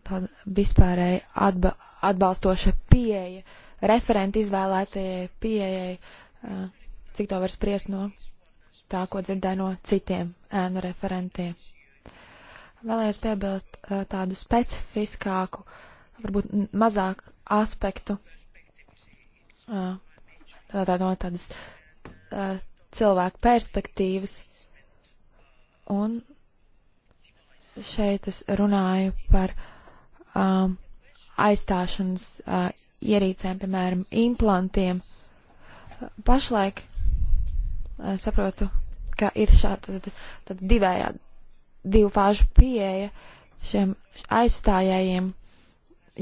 tāda vispārēja atba atbalstoša pieeja, referenta izvēlētajai pieejai, cik to var spriest no tā, ko dzirdēju no citiem ēnu referentiem. Vēlējos piebilst tādu specifiskāku, varbūt mazāk aspektu, tātad no tādas uh, cilvēku perspektīvas. Un šeit es runāju par um, aizstāšanas uh, ierīcēm, piemēram, implantiem. Pašlaik uh, saprotu, ka ir šāda tad, tad divējā, divu fāžu pieeja šiem aizstājējiem.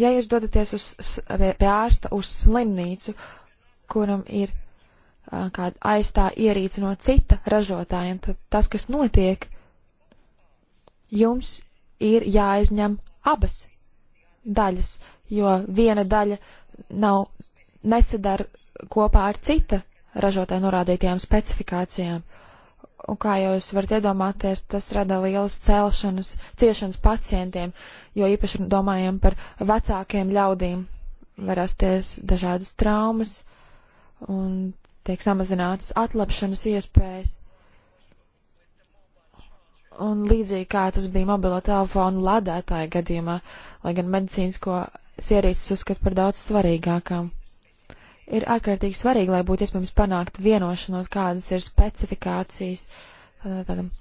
Ja jūs dodaties uz, pie ārsta uz slimnīcu, kuram ir kāda aizstā ierīce no cita ražotāja, tad tas, kas notiek, jums ir jāizņem abas daļas, jo viena daļa nav nesadar kopā ar cita ražotāja norādītajām specifikācijām. Un kā jau jūs varat iedomāties, tas rada lielas celšanas, ciešanas pacientiem, jo īpaši domājam par vecākiem ļaudīm, var rasties dažādas traumas, un tiek samazinātas atlapšanas iespējas. Un līdzīgi kā tas bija mobilo telefonu lādētāja gadījumā, lai gan medicīnisko ierīces uzskata par daudz svarīgākām. Ir ārkārtīgi svarīgi, lai būtu iespējams panākt vienošanos, kādas ir specifikācijas uh, tādam,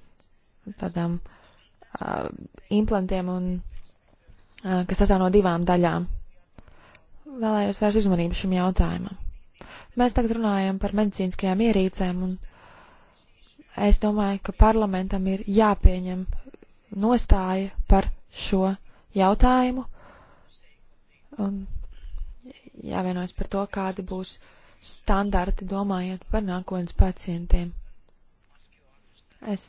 tādam uh, implantiem, un, uh, kas sastāv no divām daļām. Vēlējos vērst uzmanību šim jautājumam. Mēs tagad runājam par medicīniskajām ierīcēm, un es domāju, ka parlamentam ir jāpieņem nostāja par šo jautājumu, un jāvienojas par to, kādi būs standarti domājot par nākotnes pacientiem. Es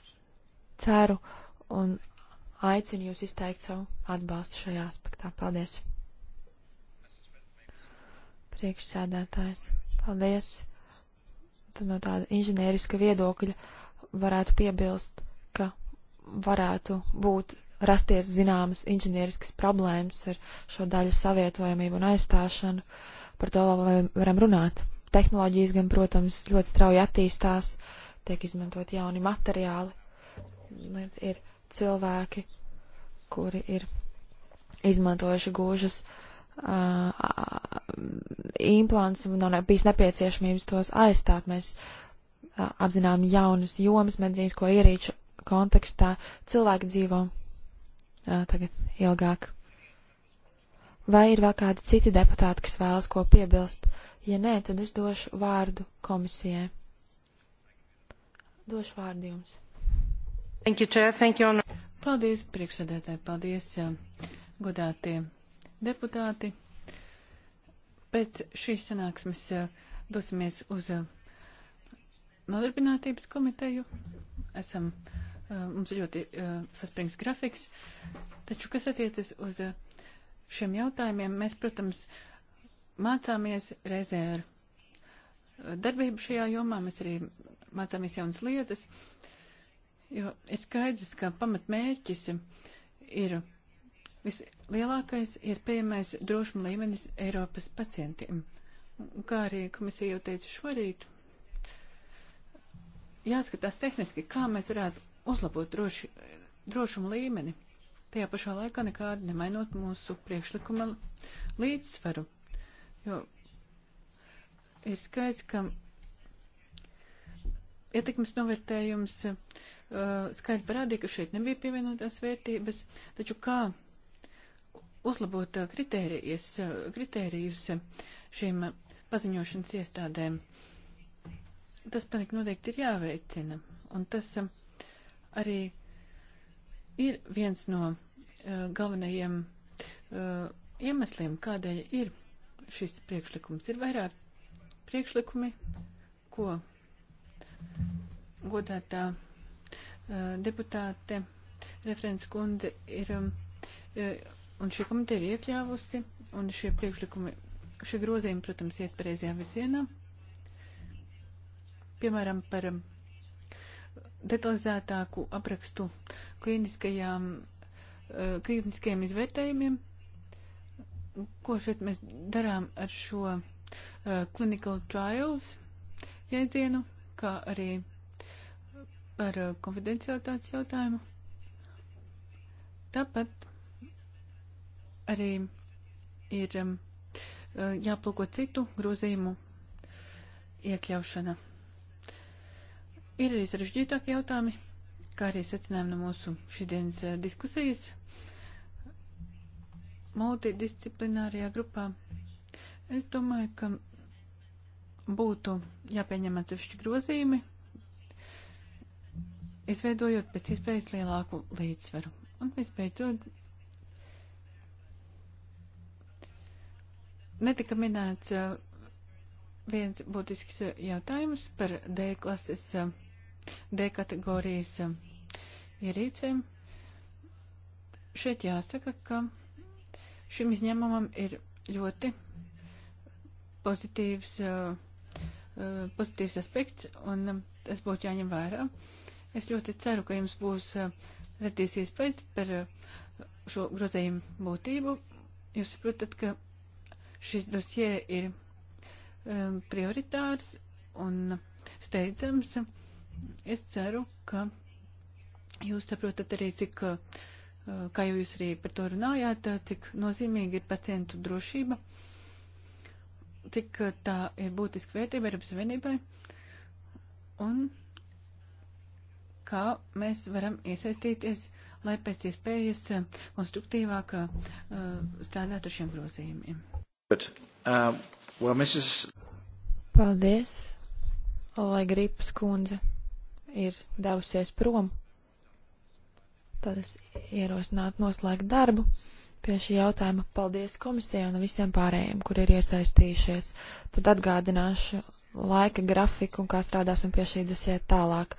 ceru un aicinu jūs izteikt savu atbalstu šajā aspektā. Paldies! Priekšsēdētājs. Paldies! Tad no tāda inženieriska viedokļa varētu piebilst, ka varētu būt rasties zināmas inženieriskas problēmas ar šo daļu savietojamību un aizstāšanu. Par to vēl varam runāt. Tehnoloģijas gan, protams, ļoti strauji attīstās, tiek izmantot jauni materiāli. Ir cilvēki, kuri ir izmantojuši gūžas uh, uh, implants un nav bijis nepieciešamības tos aizstāt. Mēs uh, apzinām jaunas jomas medicīnisko ierīču kontekstā. Cilvēki dzīvo uh, tagad ilgāk. Vai ir vēl kādi citi deputāti, kas vēlas ko piebilst? Ja nē, tad es došu vārdu komisijai. Došu vārdu jums. Thank you, Chair. Thank you. Paldies, priekšsēdētāji. Paldies, godātie deputāti. Pēc šīs sanāksmes eh, dosimies uz eh, nodarbinātības komiteju. Esam, eh, mums ir ļoti saspringts grafiks, taču kas attiecas uz šiem jautājumiem, mēs, protams, mācāmies reizē ar darbību šajā jomā, mēs arī mācāmies jaunas lietas, jo ir skaidrs, ka pamatmērķis ir vislielākais iespējamais drošuma līmenis Eiropas pacientiem. Kā arī komisija jau teica šorīt, jāskatās tehniski, kā mēs varētu uzlabot droši, drošumu līmeni, tajā pašā laikā nekādi nemainot mūsu priekšlikuma līdzsvaru. Jo ir skaidrs, ka ietekmes novērtējums uh, skaidri parādīja, ka šeit nebija pievienotās vērtības, taču kā uzlabot eh, kritērijas, eh, kritērijus eh, šīm paziņošanas iestādēm. Tas panika noteikti ir jāveicina, un tas arī ir viens no uh, galvenajiem uh, iemesliem, kādēļ ir šis priekšlikums. Ir vairāk priekšlikumi, ko godātā uh, deputāte referents kundze ir. Uh, Un šī komiteja ir iekļāvusi, un šie priekšlikumi, šie grozījumi, protams, iet pareizajā virzienā. Piemēram, par um, detalizētāku aprakstu klīniskajām, uh, klīniskajiem izvērtējumiem, ko šeit mēs darām ar šo uh, clinical trials jēdzienu, kā arī par uh, konfidencialitātes jautājumu. Tāpat arī ir um, uh, jāplūko citu grozījumu iekļaušana. Ir arī sarežģītāki jautājumi, kā arī secinājumi no mūsu šodienas uh, diskusijas. Multidisciplinārajā grupā es domāju, ka būtu jāpieņem atsevišķi grozījumi, izveidojot pēc iespējas lielāku līdzsvaru. Un vispēcot, netika minēts viens būtisks jautājums par D klases, D kategorijas ierīcēm. Šeit jāsaka, ka šim izņēmumam ir ļoti pozitīvs, pozitīvs aspekts, un tas būtu jāņem vērā. Es ļoti ceru, ka jums būs radīsies pēc par šo grozējumu būtību. Jūs saprotat, ka Šis dosie ir um, prioritārs un steidzams. Es ceru, ka jūs saprotat arī, cik, uh, kā jau jūs arī par to runājāt, uh, cik nozīmīgi ir pacientu drošība, cik uh, tā ir būtiska vērtība Eiropas Savienībai un kā mēs varam iesaistīties, lai pēc iespējas konstruktīvāk strādātu šiem grozījumiem. But, uh, well, Mrs... Paldies, lai gripas kundze ir devusies prom. Tad es ierosinātu noslēgt darbu pie šī jautājuma. Paldies komisijai un visiem pārējiem, kur ir iesaistījušies. Tad atgādināšu laika grafiku un kā strādāsim pie šī dusē tālāk.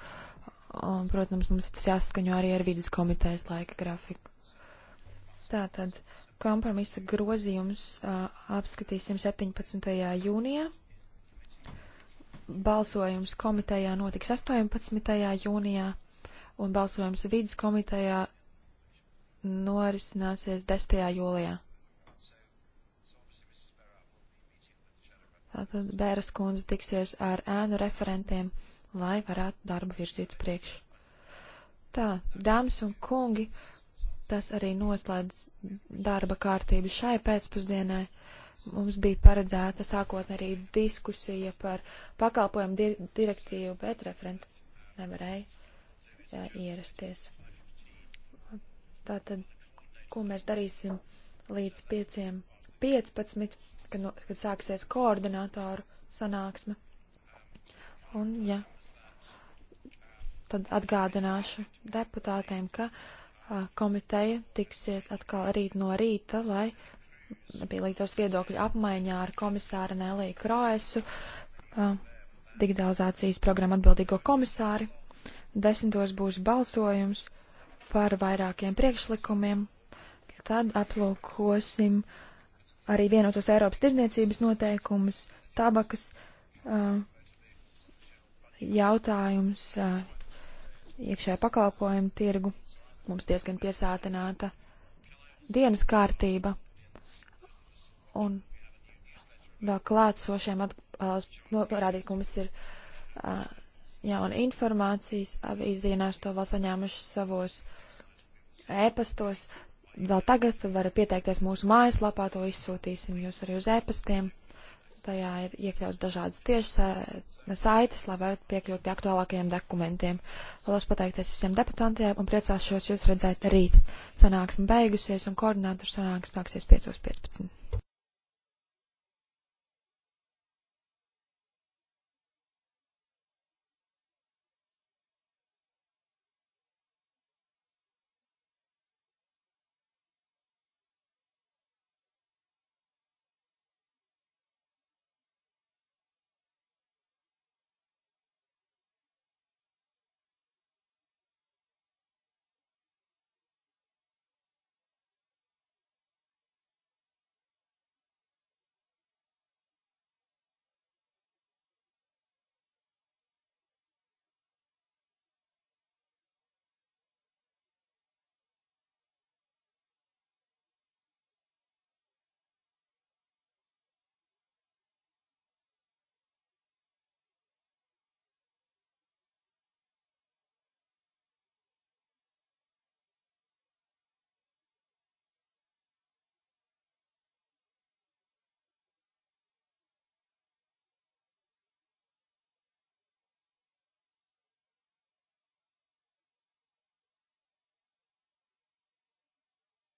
Un, protams, mums tas jāsaskaņo arī ar vidas komitejas laika grafiku. Tātad Kompromisa grozījums uh, apskatīsim 17. jūnijā. Balsojums komitejā notiks 18. jūnijā, un balsojums vidas komitejā norisināsies 10. jūlijā. Tātad Bēras kundze tiksies ar ēnu referentiem, lai varētu darbu virzīt priekš. Tā, dāmas un kungi, uh, Tas arī noslēdz darba kārtību šai pēcpusdienai. Mums bija paredzēta sākotnē arī diskusija par pakalpojumu dir direktīvu, bet referenta nevarēja jā, ierasties. Tātad, ko mēs darīsim līdz 5.15, kad, no, kad sāksies koordinātoru sanāksme. Un, ja, tad atgādināšu deputātiem, ka komiteja tiksies atkal rīt no rīta, lai pielītos viedokļu apmaiņā ar komisāru Neliju Kroesu, digitalizācijas programmu atbildīgo komisāri. Desmitos būs balsojums par vairākiem priekšlikumiem. Tad aplūkosim arī vienotos Eiropas tirdzniecības noteikumus, tabakas jautājums, iekšējā pakalpojumu tirgu mums diezgan piesātināta dienas kārtība. Un vēl klātsošiem uh, norādīt, ka mums ir uh, jauna informācijas, abi izdienās to vēl saņēmuši savos ēpastos. Vēl tagad varat pieteikties mūsu mājaslapā, to izsūtīsim jūs arī uz ēpastiem tajā ir iekļauts dažādas tieši saites, lai varat piekļūt pie aktuālākajiem dokumentiem. Vēlos pateikties visiem deputantiem un priecāšos jūs redzēt rīt. Sanāksme beigusies un koordinātors sanāks nāksies 5.15.